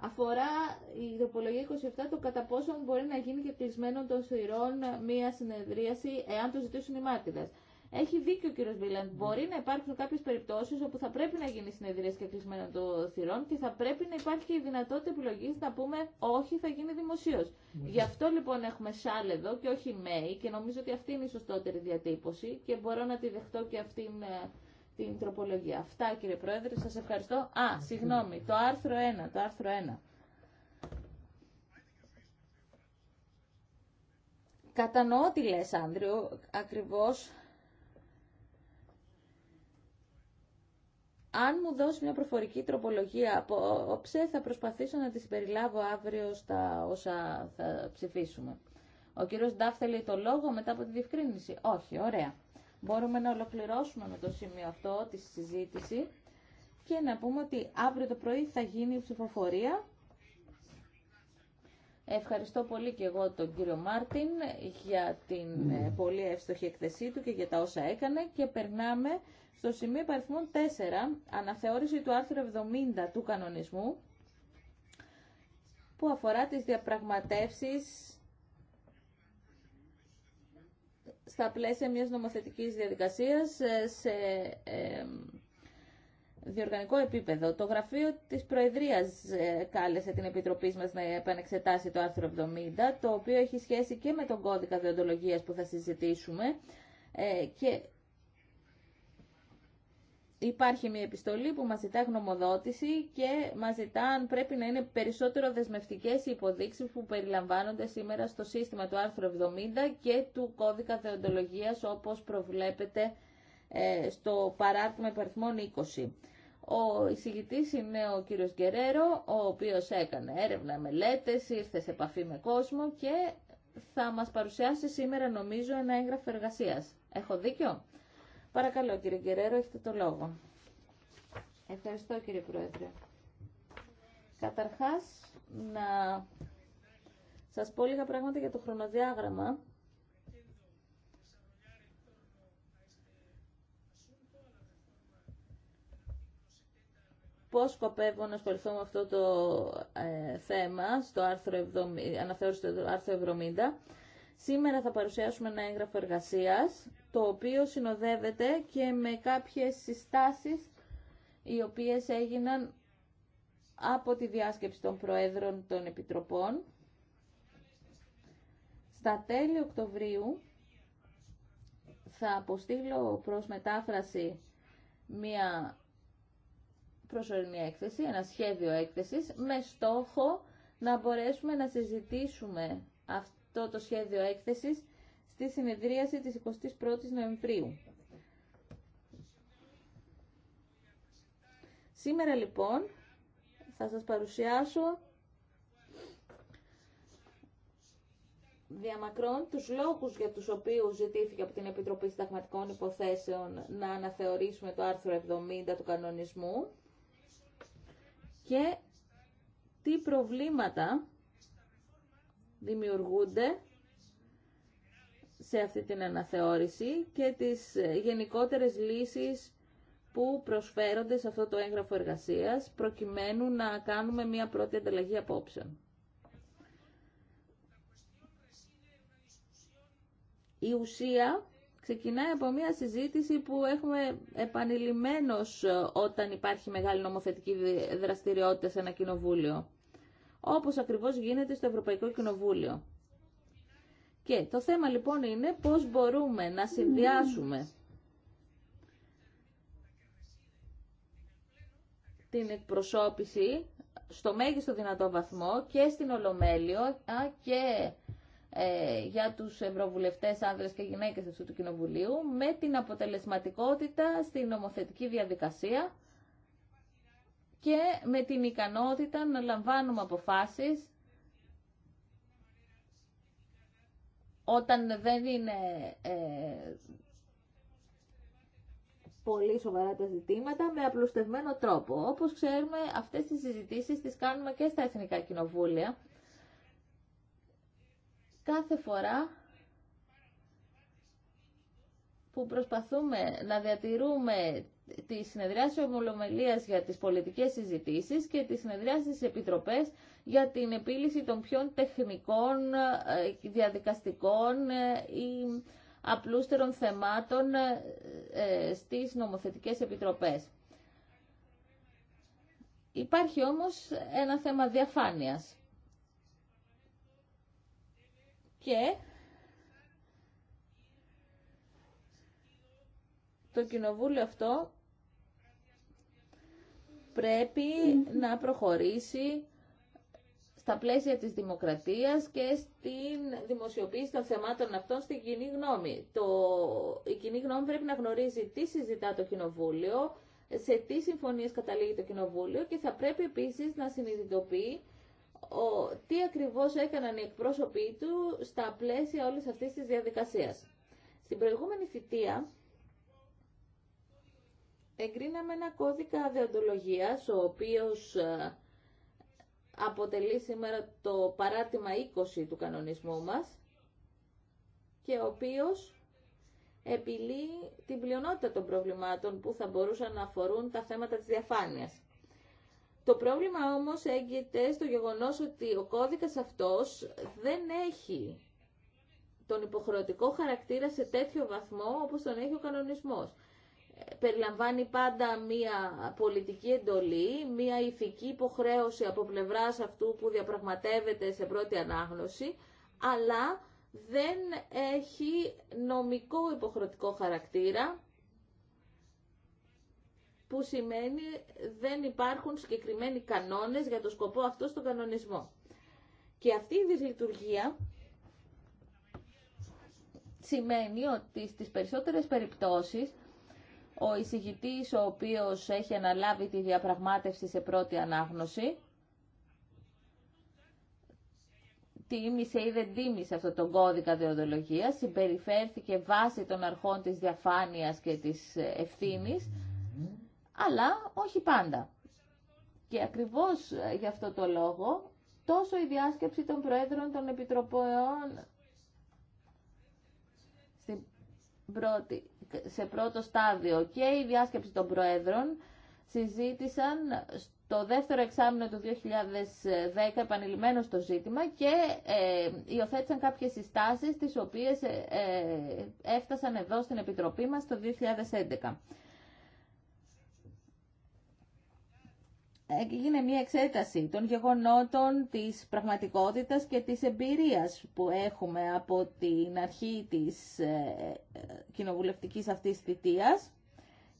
αφορά η τροπολογία 27 το κατά πόσο μπορεί να γίνει και κλεισμένο των θηρών μία συνεδρίαση εάν το ζητήσουν οι μάρτυρες. Έχει δίκιο ο κύριο Βίλαντ. Ναι. Μπορεί να υπάρχουν κάποιε περιπτώσει όπου θα πρέπει να γίνει συνεδρία και των θυρών και θα πρέπει να υπάρχει και η δυνατότητα επιλογή να πούμε όχι, θα γίνει δημοσίω. Ναι. Γι' αυτό λοιπόν έχουμε σάλ εδώ και όχι μέη και νομίζω ότι αυτή είναι η σωστότερη διατύπωση και μπορώ να τη δεχτώ και αυτήν ε, την τροπολογία. Αυτά κύριε Πρόεδρε, σα ευχαριστώ. Α, ναι. συγγνώμη, το άρθρο 1, το άρθρο 1. Κατανοώ τι λες, Άνδριο, ακριβώς Αν μου δώσει μια προφορική τροπολογία απόψε, θα προσπαθήσω να τη συμπεριλάβω αύριο στα όσα θα ψηφίσουμε. Ο κύριο Ντάφ θέλει το λόγο μετά από τη διευκρίνηση. Όχι, ωραία. Μπορούμε να ολοκληρώσουμε με το σημείο αυτό τη συζήτηση και να πούμε ότι αύριο το πρωί θα γίνει η ψηφοφορία. Ευχαριστώ πολύ και εγώ τον κύριο Μάρτιν για την ε, πολύ εύστοχη εκθεσή του και για τα όσα έκανε και περνάμε στο σημείο υπαριθμών 4, αναθεώρηση του άρθρου 70 του κανονισμού, που αφορά τις διαπραγματεύσεις στα πλαίσια μιας νομοθετικής διαδικασίας σε διοργανικό επίπεδο. Το γραφείο της Προεδρίας ε, κάλεσε την Επιτροπή μας να επανεξετάσει το άρθρο 70, το οποίο έχει σχέση και με τον κώδικα διοντολογίας που θα συζητήσουμε ε, και υπάρχει μια επιστολή που μας ζητά γνωμοδότηση και μας ζητά αν πρέπει να είναι περισσότερο δεσμευτικές οι υποδείξεις που περιλαμβάνονται σήμερα στο σύστημα του άρθρου 70 και του κώδικα δεοντολογίας όπως προβλέπεται ε, στο παράρτημα υπαριθμών 20. Ο εισηγητή είναι ο κύριος Γκερέρο, ο οποίος έκανε έρευνα, μελέτε, ήρθε σε επαφή με κόσμο και θα μα παρουσιάσει σήμερα νομίζω ένα έγγραφο εργασία. Έχω δίκιο? Παρακαλώ κύριε Γκερέρο, έχετε το λόγο. Ευχαριστώ κύριε Πρόεδρε. Καταρχάς, να σας πω λίγα πράγματα για το χρονοδιάγραμμα. Πώς σκοπεύω να ασχοληθώ με αυτό το ε, θέμα στο άρθρο 70, αναθεώρηση στο άρθρο 70. Σήμερα θα παρουσιάσουμε ένα έγγραφο εργασίας, το οποίο συνοδεύεται και με κάποιες συστάσεις οι οποίες έγιναν από τη διάσκεψη των Προέδρων των Επιτροπών. Στα τέλη Οκτωβρίου θα αποστείλω προς μετάφραση μία προσωρινή έκθεση, ένα σχέδιο έκθεσης, με στόχο να μπορέσουμε να συζητήσουμε αυτή αυτό το σχέδιο έκθεσης στη συνεδρίαση της 21ης Νοεμβρίου. Σήμερα λοιπόν θα σας παρουσιάσω διαμακρών τους λόγους για τους οποίους ζητήθηκε από την Επιτροπή Συνταγματικών Υποθέσεων να αναθεωρήσουμε το άρθρο 70 του κανονισμού και τι προβλήματα δημιουργούνται σε αυτή την αναθεώρηση και τις γενικότερες λύσεις που προσφέρονται σε αυτό το έγγραφο εργασίας προκειμένου να κάνουμε μία πρώτη ανταλλαγή απόψεων. Η ουσία ξεκινάει από μία συζήτηση που έχουμε επανειλημμένως όταν υπάρχει μεγάλη νομοθετική δραστηριότητα σε ένα κοινοβούλιο όπως ακριβώς γίνεται στο Ευρωπαϊκό Κοινοβούλιο. Και το θέμα λοιπόν είναι πώς μπορούμε να συνδυάσουμε την εκπροσώπηση στο μέγιστο δυνατό βαθμό και στην Ολομέλεια και ε, για τους ευρωβουλευτές άνδρες και γυναίκες αυτού του Κοινοβουλίου με την αποτελεσματικότητα στην νομοθετική διαδικασία και με την ικανότητα να λαμβάνουμε αποφάσεις όταν δεν είναι ε, πολύ σοβαρά τα ζητήματα με απλουστευμένο τρόπο. Όπως ξέρουμε αυτές τις συζητήσεις τις κάνουμε και στα Εθνικά Κοινοβούλια. Κάθε φορά που προσπαθούμε να διατηρούμε τη συνεδρίαση ομολομελία για τι πολιτικέ συζητήσει και τη συνεδρίαση τη Επιτροπές για την επίλυση των πιο τεχνικών, ε, διαδικαστικών ε, ή απλούστερων θεμάτων ε, στις νομοθετικές επιτροπές. Υπάρχει όμως ένα θέμα διαφάνειας. Και το κοινοβούλιο αυτό πρέπει να προχωρήσει στα πλαίσια της δημοκρατίας και στην δημοσιοποίηση των θεμάτων αυτών στην κοινή γνώμη. Το, η κοινή γνώμη πρέπει να γνωρίζει τι συζητά το Κοινοβούλιο, σε τι συμφωνίες καταλήγει το Κοινοβούλιο και θα πρέπει επίσης να συνειδητοποιεί ο, τι ακριβώς έκαναν οι εκπρόσωποι του στα πλαίσια όλης αυτής της διαδικασίας. Στην προηγούμενη θητεία εγκρίναμε ένα κώδικα δεοντολογίας, ο οποίος ε, αποτελεί σήμερα το παράτημα 20 του κανονισμού μας και ο οποίος επιλύει την πλειονότητα των προβλημάτων που θα μπορούσαν να αφορούν τα θέματα της διαφάνειας. Το πρόβλημα όμως έγκυται στο γεγονός ότι ο κώδικας αυτός δεν έχει τον υποχρεωτικό χαρακτήρα σε τέτοιο βαθμό όπως τον έχει ο κανονισμός περιλαμβάνει πάντα μία πολιτική εντολή, μία ηθική υποχρέωση από πλευράς αυτού που διαπραγματεύεται σε πρώτη ανάγνωση, αλλά δεν έχει νομικό υποχρεωτικό χαρακτήρα, που σημαίνει δεν υπάρχουν συγκεκριμένοι κανόνες για το σκοπό αυτό στον κανονισμό. Και αυτή η δυσλειτουργία σημαίνει ότι στις περισσότερες περιπτώσεις ο εισηγητής ο οποίος έχει αναλάβει τη διαπραγμάτευση σε πρώτη ανάγνωση. τίμησε ή δεν τίμησε αυτό τον κώδικα διοδολογίας, συμπεριφέρθηκε βάσει των αρχών της διαφάνειας και της ευθύνης, αλλά όχι πάντα. Και ακριβώς γι' αυτό το λόγο, τόσο η διάσκεψη των Προέδρων των Επιτροπών σε πρώτο στάδιο και η διάσκεψη των Προέδρων συζήτησαν στο δεύτερο εξάμεινο του 2010 επανειλημμένο στο ζήτημα και ε, υιοθέτησαν κάποιες συστάσεις τις οποίες ε, ε, έφτασαν εδώ στην Επιτροπή μας το 2011. έγινε μια εξέταση των γεγονότων της πραγματικότητας και της εμπειρίας που έχουμε από την αρχή της ε, ε, κοινοβουλευτικής αυτής θητείας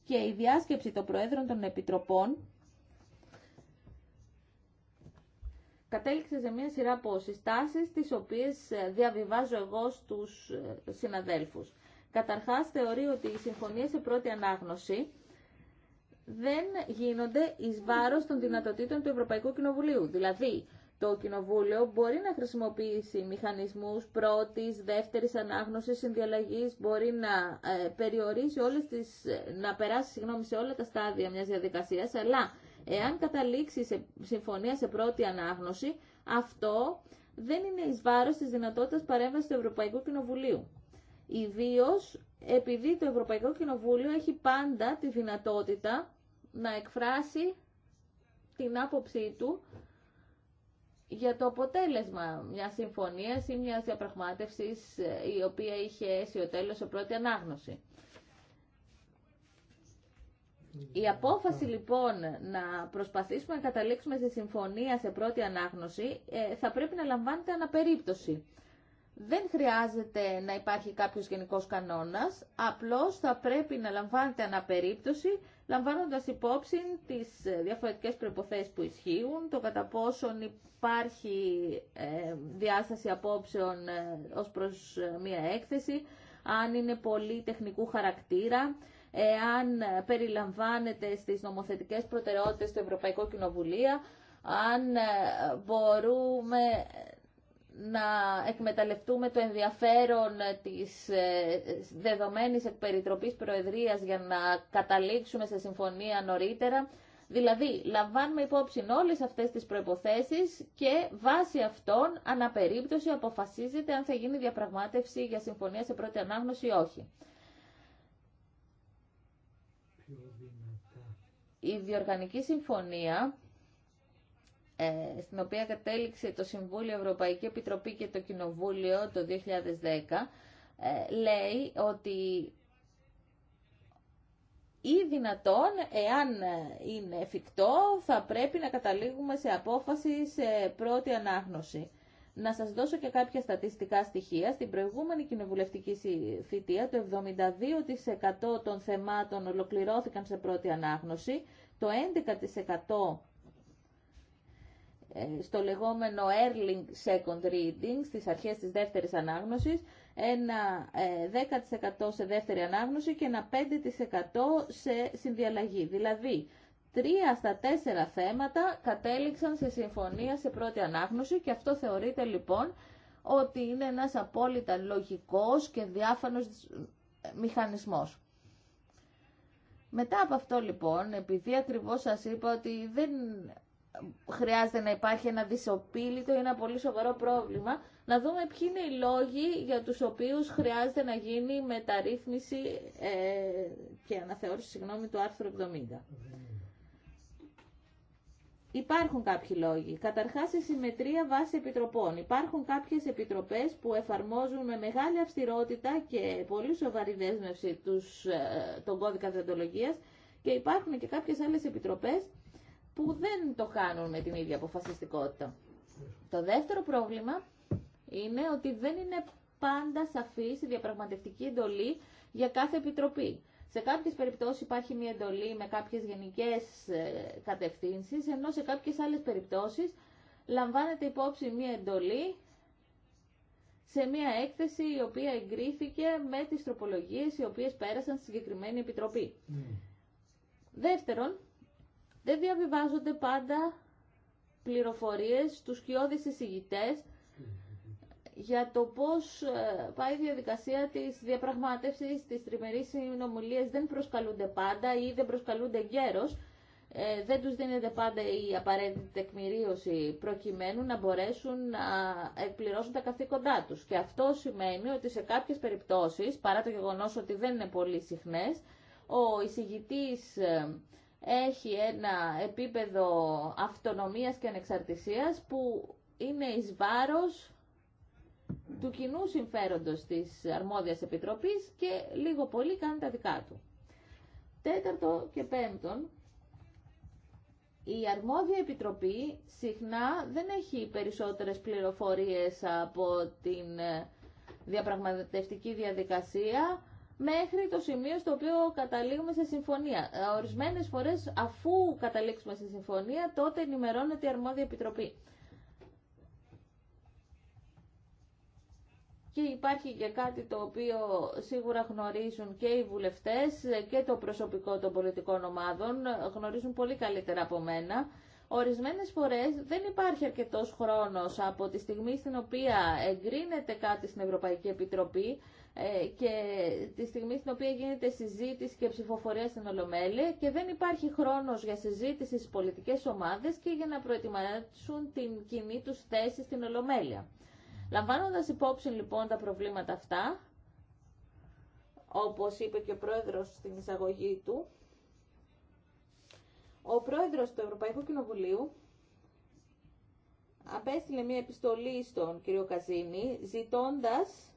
και η διάσκεψη των Προέδρων των Επιτροπών κατέληξε σε μια σειρά από συστάσεις τις οποίες ε, διαβιβάζω εγώ στους ε, συναδέλφους. Καταρχάς θεωρεί ότι η συμφωνία σε πρώτη ανάγνωση δεν γίνονται εις βάρος των δυνατοτήτων του Ευρωπαϊκού Κοινοβουλίου. Δηλαδή, το Κοινοβούλιο μπορεί να χρησιμοποιήσει μηχανισμούς πρώτης, δεύτερης ανάγνωσης, συνδιαλλαγής, μπορεί να ε, περιορίσει όλες τις, ε, να περάσει σε όλα τα στάδια μιας διαδικασίας, αλλά εάν καταλήξει σε συμφωνία σε πρώτη ανάγνωση, αυτό δεν είναι εις βάρος της δυνατότητας παρέμβασης του Ευρωπαϊκού Κοινοβουλίου. Ιδίω επειδή το Ευρωπαϊκό Κοινοβούλιο έχει πάντα τη δυνατότητα να εκφράσει την άποψή του για το αποτέλεσμα μια συμφωνία ε, η μια διαπραγμάτευση Η απόφαση λοιπόν να προσπαθήσουμε προσπαθήσουμε τη συμφωνία σε πρώτη ανάγνωση ε, θα πρέπει να λαμβάνεται αναπερίπτωση. Δεν χρειάζεται να καταληξουμε σε κάποιος γενικός κανόνας, απλώς θα πρέπει να λαμβάνεται αναπερίπτωση λαμβάνοντας υπόψη τις ε, διαφορετικές προϋποθέσεις που ισχύουν, το κατά πόσον υπάρχει ε, διάσταση απόψεων ε, ως προς μία έκθεση, αν είναι πολύ τεχνικού χαρακτήρα, εάν περιλαμβάνεται στις νομοθετικές προτεραιότητες του Ευρωπαϊκού Κοινοβουλίου, αν μπορούμε να εκμεταλλευτούμε το ενδιαφέρον της ε, δεδομένης εκπεριτροπής προεδρίας για να καταλήξουμε σε συμφωνία νωρίτερα. Δηλαδή, λαμβάνουμε υπόψη όλες αυτές τις προϋποθέσεις και βάσει αυτών, αναπερίπτωση, αποφασίζεται αν θα γίνει διαπραγμάτευση για συμφωνία σε πρώτη ανάγνωση ή όχι. Η διοργανική συμφωνία ε, στην οποία κατέληξε το Συμβούλιο Ευρωπαϊκή Επιτροπή και το Κοινοβούλιο το 2010, ε, λέει ότι ή δυνατόν, εάν είναι εφικτό, θα πρέπει να καταλήγουμε σε απόφαση σε πρώτη ανάγνωση. Να σας δώσω και κάποια στατιστικά στοιχεία. Στην προηγούμενη κοινοβουλευτική θητεία, το 72% των θεμάτων ολοκληρώθηκαν σε πρώτη ανάγνωση, το 11% ε, στο λεγόμενο Erling Second Reading, στις αρχές της δεύτερης ανάγνωσης, ένα 10% ε, σε δεύτερη ανάγνωση και ένα 5% σε συνδιαλλαγή. Δηλαδή, τρία στα τέσσερα θέματα κατέληξαν σε συμφωνία σε πρώτη ανάγνωση και αυτό θεωρείται λοιπόν ότι είναι ένας απόλυτα λογικός και διάφανος ε, μηχανισμός. Μετά από αυτό λοιπόν, επειδή ακριβώς σας είπα ότι δεν χρειάζεται να υπάρχει ένα δυσοπίλητο ή ένα πολύ σοβαρό πρόβλημα, να δούμε ποιοι είναι οι λόγοι για τους οποίους χρειάζεται να γίνει μεταρρύθμιση ε, και αναθεώρηση συγγνώμη, του άρθρου 70. Υπάρχουν κάποιοι λόγοι. Καταρχά η συμμετρία βάσει επιτροπών. Υπάρχουν κάποιε επιτροπέ που εφαρμόζουν με μεγάλη αυστηρότητα και πολύ σοβαρή δέσμευση τους, ε, τον κώδικα διοντολογία και υπάρχουν και κάποιε άλλε επιτροπέ που δεν το κάνουν με την ίδια αποφασιστικότητα. Το δεύτερο πρόβλημα είναι ότι δεν είναι πάντα σαφής η διαπραγματευτική εντολή για κάθε επιτροπή. Σε κάποιες περιπτώσεις υπάρχει μια εντολή με κάποιες γενικές ε, κατευθύνσεις, ενώ σε κάποιες άλλες περιπτώσεις λαμβάνεται υπόψη μια εντολή σε μια έκθεση η οποία εγκρίθηκε με τις τροπολογίες οι οποίες πέρασαν στη συγκεκριμένη επιτροπή. Ναι. Δεύτερον, δεν διαβιβάζονται πάντα πληροφορίες στους σκιώδεις εισηγητές για το πώς ε, πάει η διαδικασία της διαπραγμάτευσης, της τριμερής συνομιλίας δεν προσκαλούνται πάντα ή δεν προσκαλούνται γέρος. Ε, δεν τους δίνεται πάντα η απαραίτητη τεκμηρίωση προκειμένου να μπορέσουν να εκπληρώσουν τα καθήκοντά τους. Και αυτό σημαίνει ότι σε κάποιες περιπτώσεις, παρά το γεγονός ότι δεν είναι πολύ συχνές, ο εισηγητής ε, έχει ένα επίπεδο αυτονομίας και ανεξαρτησίας που είναι εις βάρος του κοινού συμφέροντος της αρμόδιας επιτροπής και λίγο πολύ κάνει τα δικά του. Τέταρτο και πέμπτον, η αρμόδια επιτροπή συχνά δεν έχει περισσότερες πληροφορίες από την ε, διαπραγματευτική διαδικασία μέχρι το σημείο στο οποίο καταλήγουμε σε συμφωνία. Ε, ορισμένες φορές αφού καταλήξουμε σε συμφωνία τότε ενημερώνεται η αρμόδια επιτροπή. Και υπάρχει και κάτι το οποίο σίγουρα γνωρίζουν και οι βουλευτές και το προσωπικό των πολιτικών ομάδων, γνωρίζουν πολύ καλύτερα από μένα. Ορισμένες φορές δεν υπάρχει αρκετός χρόνος από τη στιγμή στην οποία εγκρίνεται κάτι στην Ευρωπαϊκή Επιτροπή ε, και τη στιγμή στην οποία γίνεται συζήτηση και ψηφοφορία στην Ολομέλεια και δεν υπάρχει χρόνος για συζήτηση στις πολιτικές ομάδες και για να προετοιμάσουν την κοινή τους θέση στην Ολομέλεια. Λαμβάνοντας υπόψη λοιπόν τα προβλήματα αυτά, όπως είπε και ο πρόεδρος στην εισαγωγή του, ο πρόεδρος του Ευρωπαϊκού Κοινοβουλίου απέστειλε μια επιστολή στον κύριο Καζίνη ζητώντας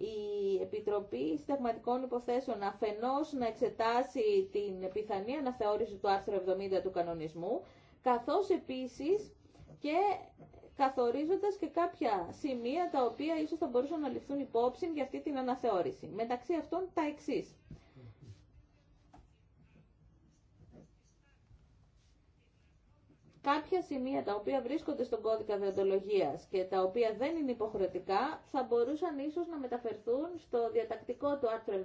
η Επιτροπή Συνταγματικών Υποθέσεων αφενός να εξετάσει την πιθανή αναθεώρηση του άρθρου 70 του κανονισμού, καθώς επίσης και καθορίζοντας και κάποια σημεία τα οποία ίσως θα μπορούσαν να ληφθούν υπόψη για αυτή την αναθεώρηση. Μεταξύ αυτών τα εξής. κάποια σημεία τα οποία βρίσκονται στον κώδικα διοντολογία και τα οποία δεν είναι υποχρεωτικά θα μπορούσαν ίσως να μεταφερθούν στο διατακτικό του άρθρου 70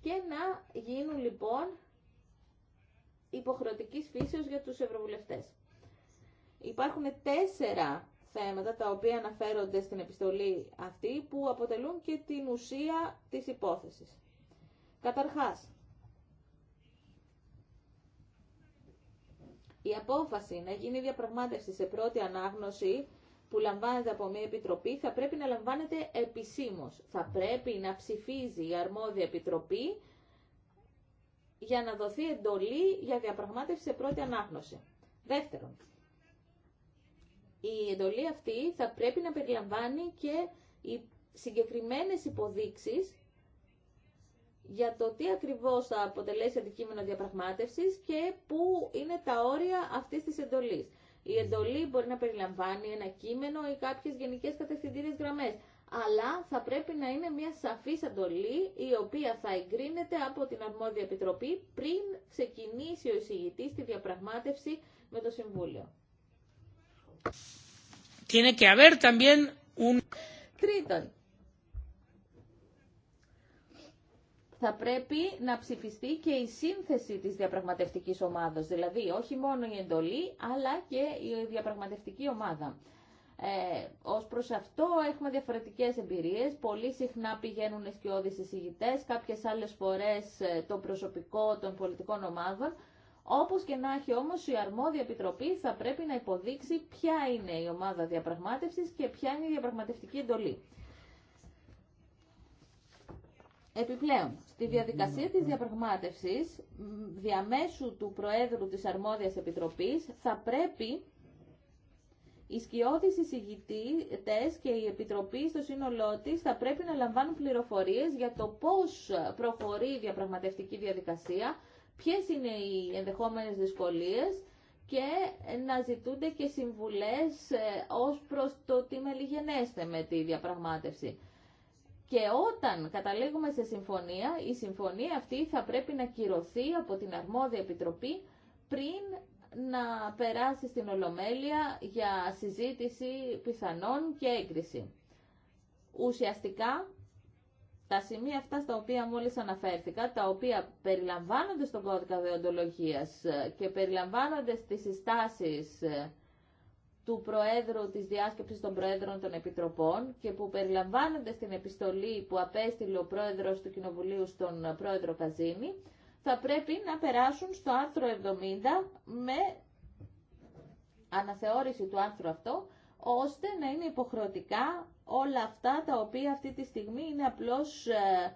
και να γίνουν λοιπόν υποχρεωτικής φύσεως για τους ευρωβουλευτές. Υπάρχουν τέσσερα θέματα τα οποία αναφέρονται στην επιστολή αυτή που αποτελούν και την ουσία της υπόθεσης. Καταρχάς, Η απόφαση να γίνει διαπραγμάτευση σε πρώτη ανάγνωση που λαμβάνεται από μια επιτροπή θα πρέπει να λαμβάνεται επισήμως. Θα πρέπει να ψηφίζει η αρμόδια επιτροπή για να δοθεί εντολή για διαπραγμάτευση σε πρώτη ανάγνωση. Δεύτερον, η εντολή αυτή θα πρέπει να περιλαμβάνει και οι συγκεκριμένες υποδείξεις για το τι ακριβώς θα αποτελέσει αντικείμενο διαπραγμάτευσης και πού είναι τα όρια αυτής της εντολής. Η εντολή μπορεί να περιλαμβάνει ένα κείμενο ή κάποιες γενικές κατευθυντήριες γραμμές, αλλά θα πρέπει να είναι μια σαφής εντολή η οποία θα εγκρίνεται από την αρμόδια επιτροπή πριν ξεκινήσει ο εισηγητής τη διαπραγμάτευση με το Συμβούλιο. Tiene que haber también un... Τρίτον, θα πρέπει να ψηφιστεί και η σύνθεση της διαπραγματευτικής ομάδας. δηλαδή όχι μόνο η εντολή, αλλά και η διαπραγματευτική ομάδα. Ε, ως προς αυτό έχουμε διαφορετικές εμπειρίες, πολύ συχνά πηγαίνουν εσκιώδεις εισηγητές, κάποιες άλλες φορές ε, το προσωπικό των πολιτικών ομάδων, όπως και να έχει όμως η αρμόδια επιτροπή θα πρέπει να υποδείξει ποια είναι η ομάδα διαπραγμάτευσης και ποια είναι η διαπραγματευτική εντολή. Επιπλέον, στη διαδικασία της διαπραγμάτευσης, διαμέσου του Προέδρου της Αρμόδιας Επιτροπής, θα πρέπει οι σκιώδεις εισηγητές και η Επιτροπή στο σύνολό τη θα πρέπει να λαμβάνουν πληροφορίες για το πώς προχωρεί η διαπραγματευτική διαδικασία, ποιες είναι οι ενδεχόμενες δυσκολίες και να ζητούνται και συμβουλές ε, ως προς το τι μελιγενέστε με τη διαπραγμάτευση. Και όταν καταλήγουμε σε συμφωνία, η συμφωνία αυτή θα πρέπει να κυρωθεί από την αρμόδια επιτροπή πριν να περάσει στην Ολομέλεια για συζήτηση πιθανών και έγκριση. Ουσιαστικά, τα σημεία αυτά στα οποία μόλις αναφέρθηκα, τα οποία περιλαμβάνονται στον κώδικα δεοντολογίας και περιλαμβάνονται στις συστάσεις ε, του Προέδρου της Διάσκεψης των Προέδρων των Επιτροπών και που περιλαμβάνονται στην επιστολή που απέστειλε ο Πρόεδρος του Κοινοβουλίου στον Πρόεδρο Καζίνη, θα πρέπει να περάσουν στο άρθρο 70 με αναθεώρηση του άρθρου αυτό, ώστε να είναι υποχρεωτικά όλα αυτά τα οποία αυτή τη στιγμή είναι απλώς ε,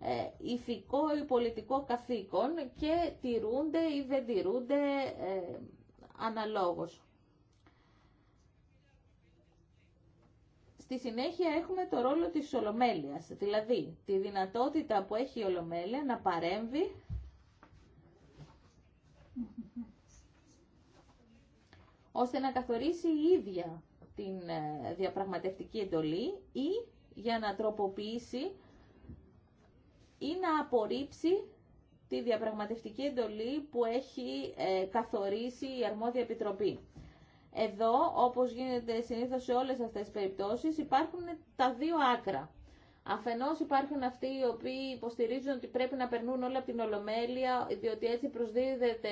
ε, ηθικό ή πολιτικό καθήκον και τηρούνται ή δεν τηρούνται ε, Στη συνέχεια έχουμε το ρόλο της Ολομέλειας, δηλαδή τη δυνατότητα που έχει η Ολομέλεια να παρέμβει ώστε να καθορίσει η ίδια την ε, διαπραγματευτική εντολή ή για να τροποποιήσει ή να απορρίψει τη διαπραγματευτική εντολή που έχει ε, καθορίσει η αρμόδια εχει καθορισει η αρμοδια επιτροπη εδώ, όπως γίνεται συνήθως σε όλες αυτές τις περιπτώσεις, υπάρχουν τα δύο άκρα. Αφενός υπάρχουν αυτοί οι οποίοι υποστηρίζουν ότι πρέπει να περνούν όλα από την Ολομέλεια, διότι έτσι προσδίδεται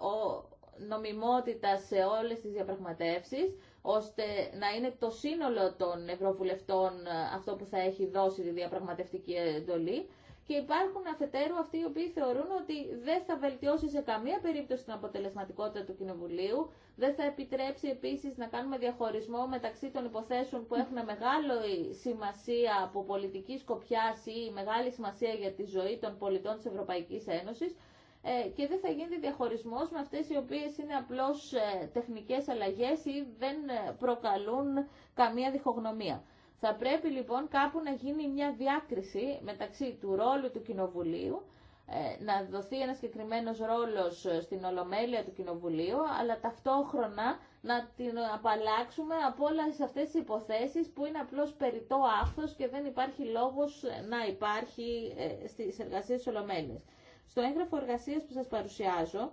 ο νομιμότητα σε όλες τις διαπραγματεύσεις, ώστε να είναι το σύνολο των ευρωβουλευτών αυτό που θα έχει δώσει τη διαπραγματευτική εντολή και υπάρχουν αφετέρου αυτοί οι οποίοι θεωρούν ότι δεν θα βελτιώσει σε καμία περίπτωση την αποτελεσματικότητα του Κοινοβουλίου, δεν θα επιτρέψει επίσης να κάνουμε διαχωρισμό μεταξύ των υποθέσεων που έχουν μεγάλη σημασία από πολιτική σκοπιά ή μεγάλη σημασία για τη ζωή των πολιτών της Ευρωπαϊκής Ένωσης ε, και δεν θα γίνεται διαχωρισμό με αυτέ οι οποίε είναι απλώς ε, τεχνικέ αλλαγέ ή δεν ε, προκαλούν καμία διχογνωμία. Θα πρέπει λοιπόν κάπου να γίνει μια διάκριση μεταξύ του ρόλου του Κοινοβουλίου, ε, να δοθεί ένα συγκεκριμένο ρόλος στην Ολομέλεια του Κοινοβουλίου, αλλά ταυτόχρονα να την απαλλάξουμε από όλες αυτές τις υποθέσεις που είναι απλώς περιττό άφθος και δεν υπάρχει λόγος να υπάρχει ε, στι εργασίε της Ολομέλειας. Στο έγγραφο εργασία που σα παρουσιάζω,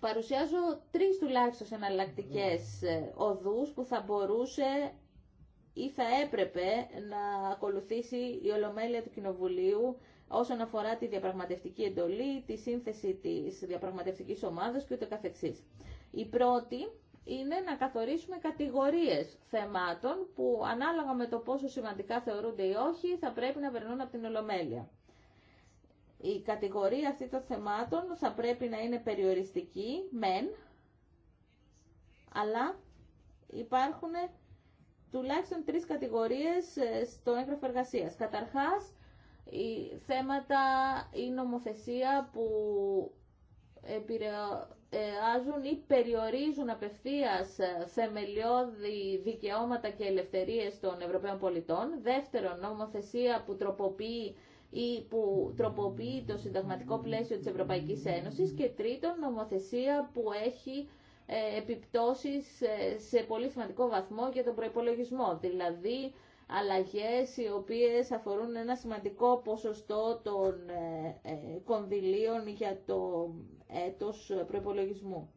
παρουσιάζω τρεις τουλάχιστον εναλλακτικέ ε, οδούς που θα μπορούσε ή θα έπρεπε να ακολουθήσει η Ολομέλεια του Κοινοβουλίου όσον αφορά τη διαπραγματευτική εντολή, τη σύνθεση της διαπραγματευτικής ομάδας και ούτω καθεξής. Η πρώτη είναι να καθορίσουμε εντολη τη συνθεση της διαπραγματευτικης ομαδας και ουτε θεμάτων που ανάλογα με το πόσο σημαντικά θεωρούνται ή όχι θα πρέπει να περνούν από την Ολομέλεια. Η κατηγορία αυτή των θεμάτων θα πρέπει να είναι περιοριστική, μεν, αλλά υπάρχουν τουλάχιστον τρεις κατηγορίες ε, στο έγγραφο εργασίας. Καταρχάς, οι θέματα, η νομοθεσία που επηρεάζουν ή περιορίζουν απευθείας ε, θεμελιώδη δικαιώματα και ελευθερίες των Ευρωπαίων πολιτών. Δεύτερον, νομοθεσία που τροποποιεί ή που τροποποιεί το συνταγματικό πλαίσιο της Ευρωπαϊκής Ένωσης και τρίτον νομοθεσία που έχει ε, επιπτώσεις ε, σε πολύ σημαντικό βαθμό για τον προϋπολογισμό, δηλαδή αλλαγές οι οποίες αφορούν ένα σημαντικό ποσοστό των ε, κονδυλίων για το έτος προϋπολογισμού.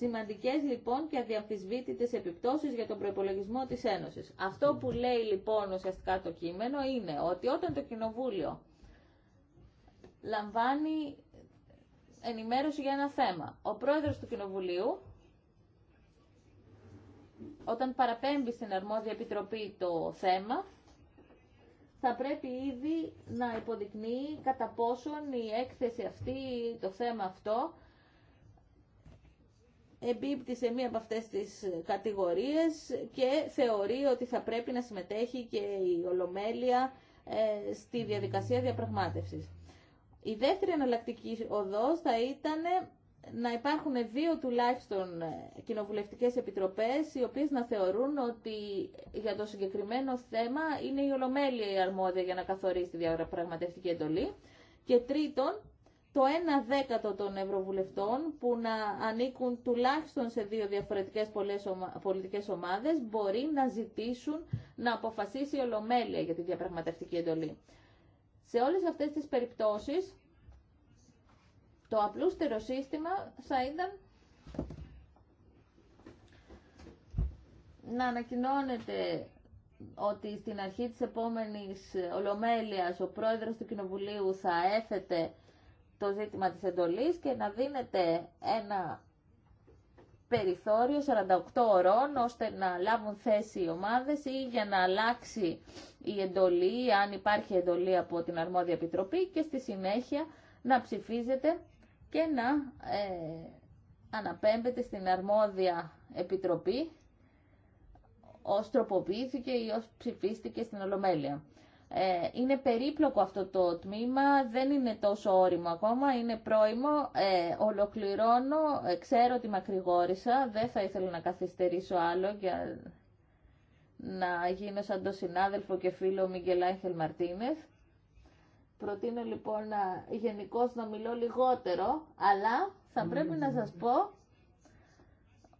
Σημαντικές λοιπόν και αδιαμφισβήτητες επιπτώσεις για τον προπολογισμό της Ένωσης. Αυτό που λέει λοιπόν ουσιαστικά το κείμενο είναι ότι όταν το Κοινοβούλιο λαμβάνει ενημέρωση για ένα θέμα, ο πρόεδρος του Κοινοβουλίου όταν παραπέμπει στην αρμόδια επιτροπή το θέμα, θα πρέπει ήδη να υποδεικνύει κατά πόσον η έκθεση αυτή, το θέμα αυτό, εμπίπτει σε μία από αυτές τις κατηγορίες και θεωρεί ότι θα πρέπει να συμμετέχει και η Ολομέλεια ε, στη διαδικασία διαπραγμάτευσης. Η δεύτερη εναλλακτική οδός θα ήταν να υπάρχουν δύο τουλάχιστον κοινοβουλευτικές επιτροπές οι οποίες να θεωρούν ότι για το συγκεκριμένο θέμα είναι η Ολομέλεια η αρμόδια για να καθορίσει τη διαπραγματευτική εντολή και τρίτον το 1 δέκατο των ευρωβουλευτών που να ανήκουν τουλάχιστον σε δύο διαφορετικές πολιτικές ομάδες μπορεί να ζητήσουν να αποφασίσει η Ολομέλεια για τη διαπραγματευτική εντολή. Σε όλες αυτές τις περιπτώσεις το απλούστερο σύστημα θα ήταν να ανακοινώνεται ότι στην αρχή της επόμενης Ολομέλειας ο πρόεδρος του Κοινοβουλίου θα έθετε το ζήτημα της εντολής και να δίνεται ένα περιθώριο 48 ωρών ώστε να λάβουν θέση οι ομάδες ή για να αλλάξει η εντολή, αν υπάρχει εντολή από την Αρμόδια Επιτροπή και στη συνέχεια να ψηφίζεται και να ε, αναπέμπεται στην Αρμόδια Επιτροπή ως τροποποιήθηκε ή ως ψηφίστηκε στην Ολομέλεια. Ε, είναι περίπλοκο αυτό το τμήμα, δεν είναι τόσο όριμο ακόμα, είναι πρόημο, ε, ολοκληρώνω, ε, ξέρω ότι μακρηγόρησα, δεν θα ήθελα να καθυστερήσω άλλο για να γίνω σαν το συνάδελφο και φίλο Μιγγελ Άγχελ Μαρτίνεθ. Προτείνω λοιπόν να, γενικώ να μιλώ λιγότερο, αλλά θα πρέπει να σας πω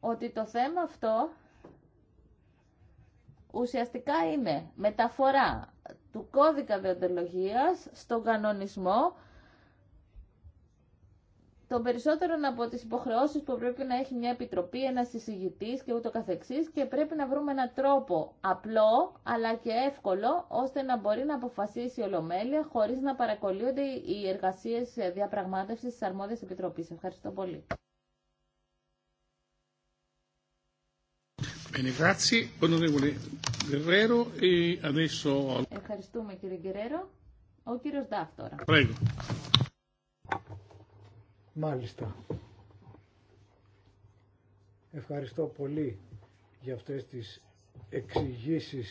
ότι το θέμα αυτό ουσιαστικά είναι μεταφορά του κώδικα δεοντολογίας στον κανονισμό των περισσότερων από τις υποχρεώσεις που πρέπει να έχει μια επιτροπή, ένα συζητητής και ούτω καθεξής και πρέπει να βρούμε έναν τρόπο απλό αλλά και εύκολο ώστε να μπορεί να αποφασίσει η Ολομέλεια χωρίς να παρακολύονται οι εργασίες διαπραγμάτευσης της αρμόδιας επιτροπής. Ευχαριστώ πολύ. E Ευχαριστούμε κύριε Γκερέρο. Ο κύριος Ντάφ τώρα. Μάλιστα. Ευχαριστώ πολύ για αυτές τις εξηγήσει.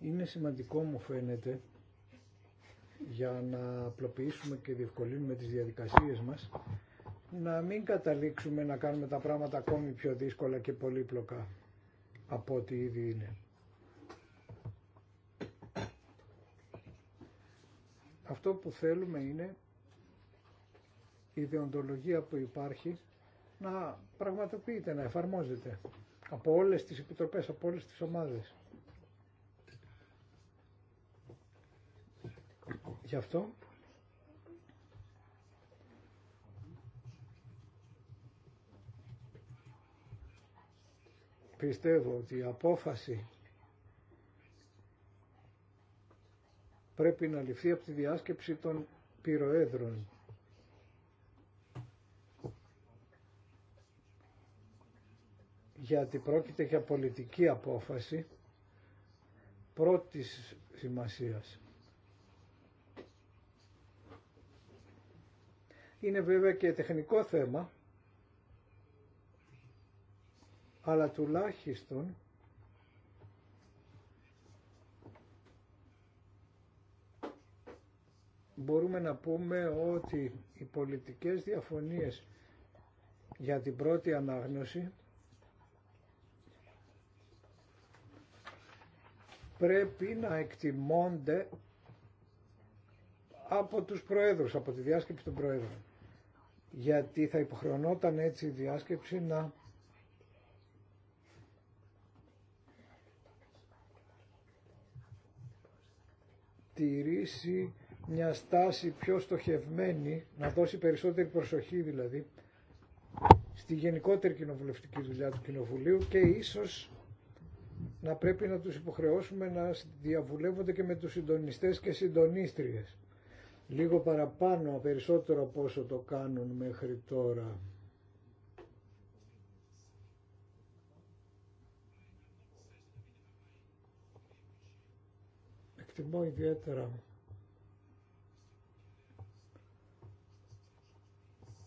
Είναι σημαντικό μου φαίνεται για να απλοποιήσουμε και διευκολύνουμε τις διαδικασίες μας να μην καταλήξουμε να κάνουμε τα πράγματα ακόμη πιο δύσκολα και πολύπλοκα από ό,τι ήδη είναι. Αυτό που θέλουμε είναι η διοντολογία που υπάρχει να πραγματοποιείται, να εφαρμόζεται από όλες τις επιτροπές, από όλες τις ομάδες. Γι' αυτό πιστεύω ότι η απόφαση πρέπει να ληφθεί από τη διάσκεψη των πυροέδρων. γιατί πρόκειται για πολιτική απόφαση πρώτης σημασίας. Είναι βέβαια και τεχνικό θέμα αλλά τουλάχιστον μπορούμε να πούμε ότι οι πολιτικές διαφωνίες για την πρώτη ανάγνωση πρέπει να εκτιμώνται από τους προέδρους, από τη διάσκεψη των προέδρων. Γιατί θα υποχρεωνόταν έτσι η διάσκεψη να μια στάση πιο στοχευμένη, να δώσει περισσότερη προσοχή δηλαδή, στη γενικότερη κοινοβουλευτική δουλειά του Κοινοβουλίου και ίσως να πρέπει να τους υποχρεώσουμε να διαβουλεύονται και με τους συντονιστές και συντονίστριες. Λίγο παραπάνω, περισσότερο από όσο το κάνουν μέχρι τώρα. εκτιμώ ιδιαίτερα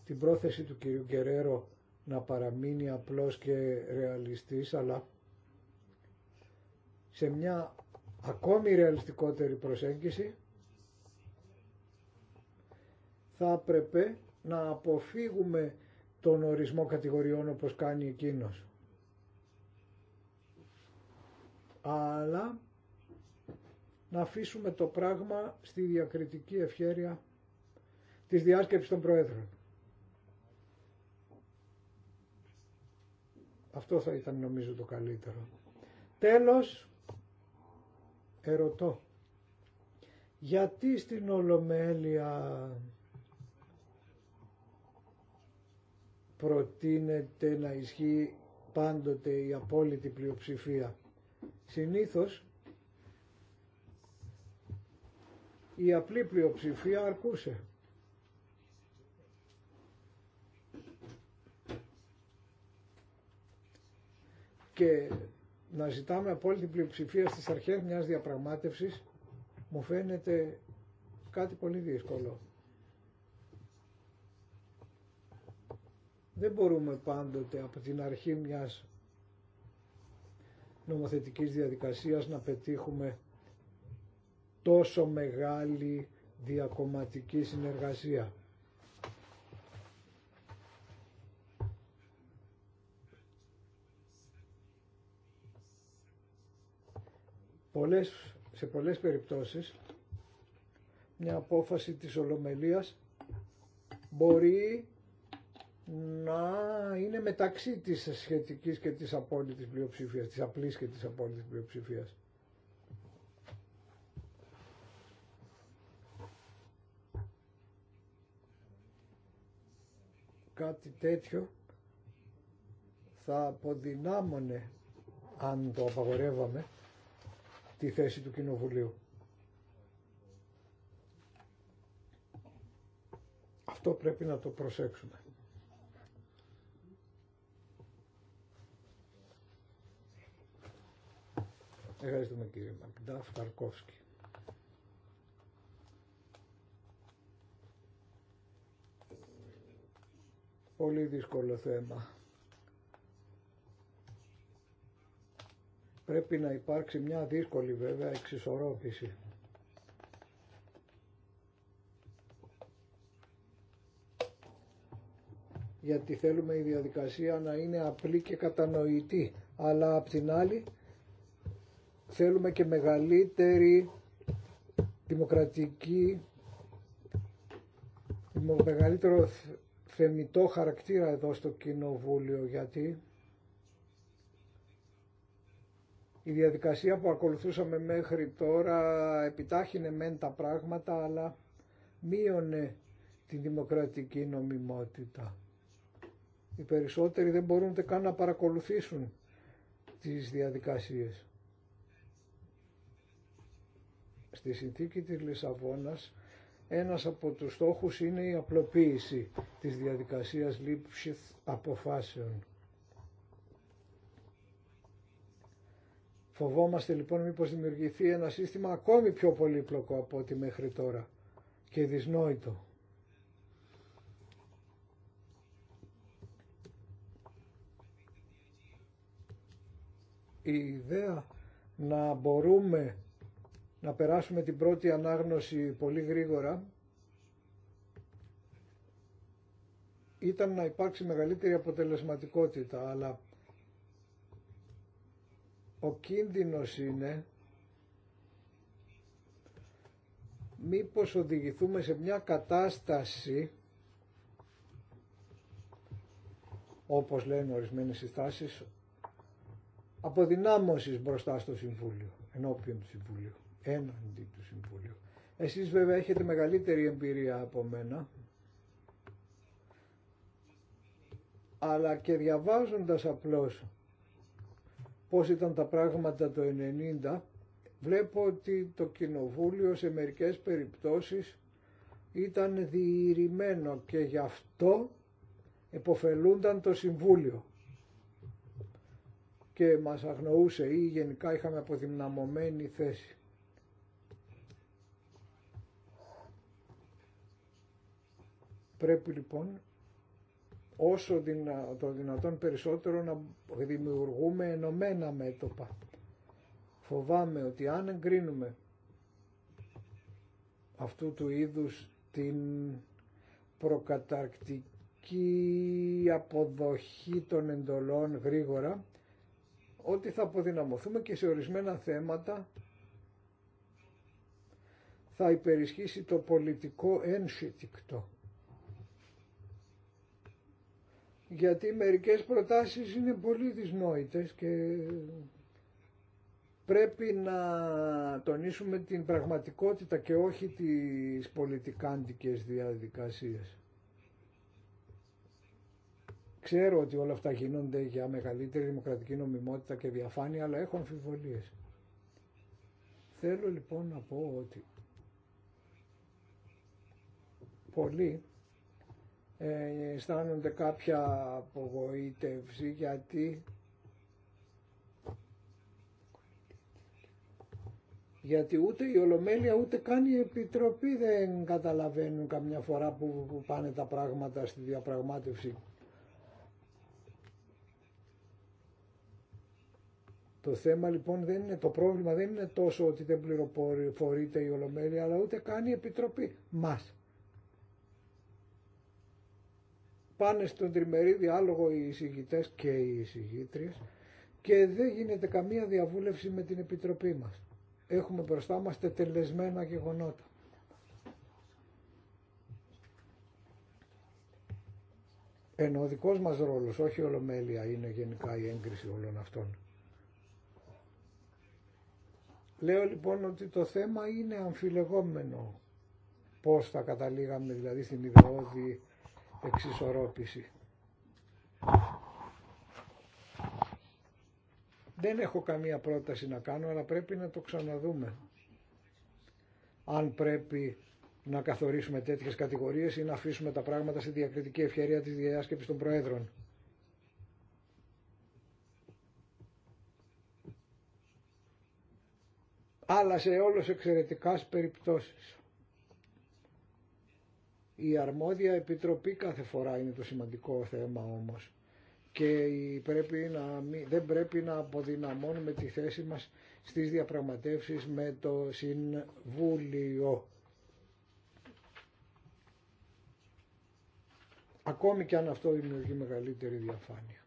την πρόθεση του κυρίου Γκερέρο να παραμείνει απλός και ρεαλιστής, αλλά σε μια ακόμη ρεαλιστικότερη προσέγγιση θα έπρεπε να αποφύγουμε τον ορισμό κατηγοριών όπως κάνει εκείνος. Αλλά να αφήσουμε το πράγμα στη διακριτική ευχέρεια της διάσκεψης των Προέδρων. Αυτό θα ήταν νομίζω το καλύτερο. Τέλος, ερωτώ. Γιατί στην Ολομέλεια προτείνεται να ισχύει πάντοτε η απόλυτη πλειοψηφία. Συνήθως η απλή πλειοψηφία αρκούσε. Και να ζητάμε απόλυτη πλειοψηφία στις αρχές μιας διαπραγμάτευσης μου φαίνεται κάτι πολύ δύσκολο. Δεν μπορούμε πάντοτε από την αρχή μιας νομοθετικής διαδικασίας να πετύχουμε τόσο μεγάλη διακομματική συνεργασία. Πολλές, σε πολλές περιπτώσεις μια απόφαση της Ολομελίας μπορεί να είναι μεταξύ της σχετικής και της απόλυτης πλειοψηφίας, της απλής και της απόλυτης πλειοψηφίας. κάτι τέτοιο θα αποδυνάμωνε αν το απαγορεύαμε τη θέση του Κοινοβουλίου. Αυτό πρέπει να το προσέξουμε. Ευχαριστούμε κύριε Μακντάφ Πολύ δύσκολο θέμα. Πρέπει να υπάρξει μια δύσκολη βέβαια εξισορρόπηση. γιατί θέλουμε η διαδικασία να είναι απλή και κατανοητή, αλλά απ' την άλλη θέλουμε και μεγαλύτερη δημοκρατική, μεγαλύτερο θεμητό χαρακτήρα εδώ στο Κοινοβούλιο γιατί η διαδικασία που ακολουθούσαμε μέχρι τώρα επιτάχυνε μεν τα πράγματα αλλά μείωνε την δημοκρατική νομιμότητα. Οι περισσότεροι δεν μπορούν καν να παρακολουθήσουν τις διαδικασίες. Στη συνθήκη της Λισαβόνας ένας από τους στόχους είναι η απλοποίηση της διαδικασίας λήψης αποφάσεων. Φοβόμαστε λοιπόν μήπως δημιουργηθεί ένα σύστημα ακόμη πιο πολύπλοκο από ό,τι μέχρι τώρα και δυσνόητο. Η ιδέα να μπορούμε να περάσουμε την πρώτη ανάγνωση πολύ γρήγορα ήταν να υπάρξει μεγαλύτερη αποτελεσματικότητα, αλλά ο κίνδυνος είναι μήπως οδηγηθούμε σε μια κατάσταση όπως λένε ορισμένες συστάσεις αποδυνάμωσης μπροστά στο Συμβούλιο, ενώπιον του Συμβουλίου έναντι του Συμβουλίου. Εσείς βέβαια έχετε μεγαλύτερη εμπειρία από μένα, αλλά και διαβάζοντας απλώς πώς ήταν τα πράγματα το 90, βλέπω ότι το Κοινοβούλιο σε μερικές περιπτώσεις ήταν διηρημένο και γι' αυτό εποφελούνταν το Συμβούλιο και μας αγνοούσε ή γενικά είχαμε αποδυναμωμένη θέση. Πρέπει λοιπόν όσο το δυνατόν περισσότερο να δημιουργούμε ενωμένα μέτωπα. Φοβάμαι ότι αν εγκρίνουμε αυτού του είδους την προκαταρκτική αποδοχή των εντολών γρήγορα, ότι θα αποδυναμωθούμε και σε ορισμένα θέματα θα υπερισχύσει το πολιτικό ένσυτικτο. γιατί μερικές προτάσεις είναι πολύ δυσνόητες και πρέπει να τονίσουμε την πραγματικότητα και όχι τις πολιτικάντικες διαδικασίες. Ξέρω ότι όλα αυτά γίνονται για μεγαλύτερη δημοκρατική νομιμότητα και διαφάνεια, αλλά έχω αμφιβολίες. Θέλω λοιπόν να πω ότι πολλοί ε, αισθάνονται κάποια απογοήτευση γιατί γιατί ούτε η Ολομέλεια ούτε καν η Επιτροπή δεν καταλαβαίνουν καμιά φορά που πάνε τα πράγματα στη διαπραγμάτευση. Το θέμα λοιπόν δεν είναι, το πρόβλημα δεν είναι τόσο ότι δεν πληροφορείται η Ολομέλεια, αλλά ούτε καν η Επιτροπή μας. πάνε στον τριμερή διάλογο οι εισηγητές και οι εισηγήτριε και δεν γίνεται καμία διαβούλευση με την Επιτροπή μας. Έχουμε μπροστά μα τελεσμένα γεγονότα. Ενώ ο δικός μας ρόλος, όχι ολομέλεια, είναι γενικά η έγκριση όλων αυτών. Λέω λοιπόν ότι το θέμα είναι αμφιλεγόμενο. Πώς θα καταλήγαμε δηλαδή στην ιδεώδη εξισορρόπηση. Δεν έχω καμία πρόταση να κάνω, αλλά πρέπει να το ξαναδούμε. Αν πρέπει να καθορίσουμε τέτοιες κατηγορίες ή να αφήσουμε τα πράγματα στη διακριτική ευκαιρία της διάσκεψης των Προέδρων. αλλά σε όλους εξαιρετικές περιπτώσεις. Η αρμόδια επιτροπή κάθε φορά είναι το σημαντικό θέμα όμως και πρέπει να, δεν πρέπει να αποδυναμώνουμε τη θέση μας στις διαπραγματεύσεις με το Συμβούλιο. Ακόμη και αν αυτό δημιουργεί μεγαλύτερη διαφάνεια.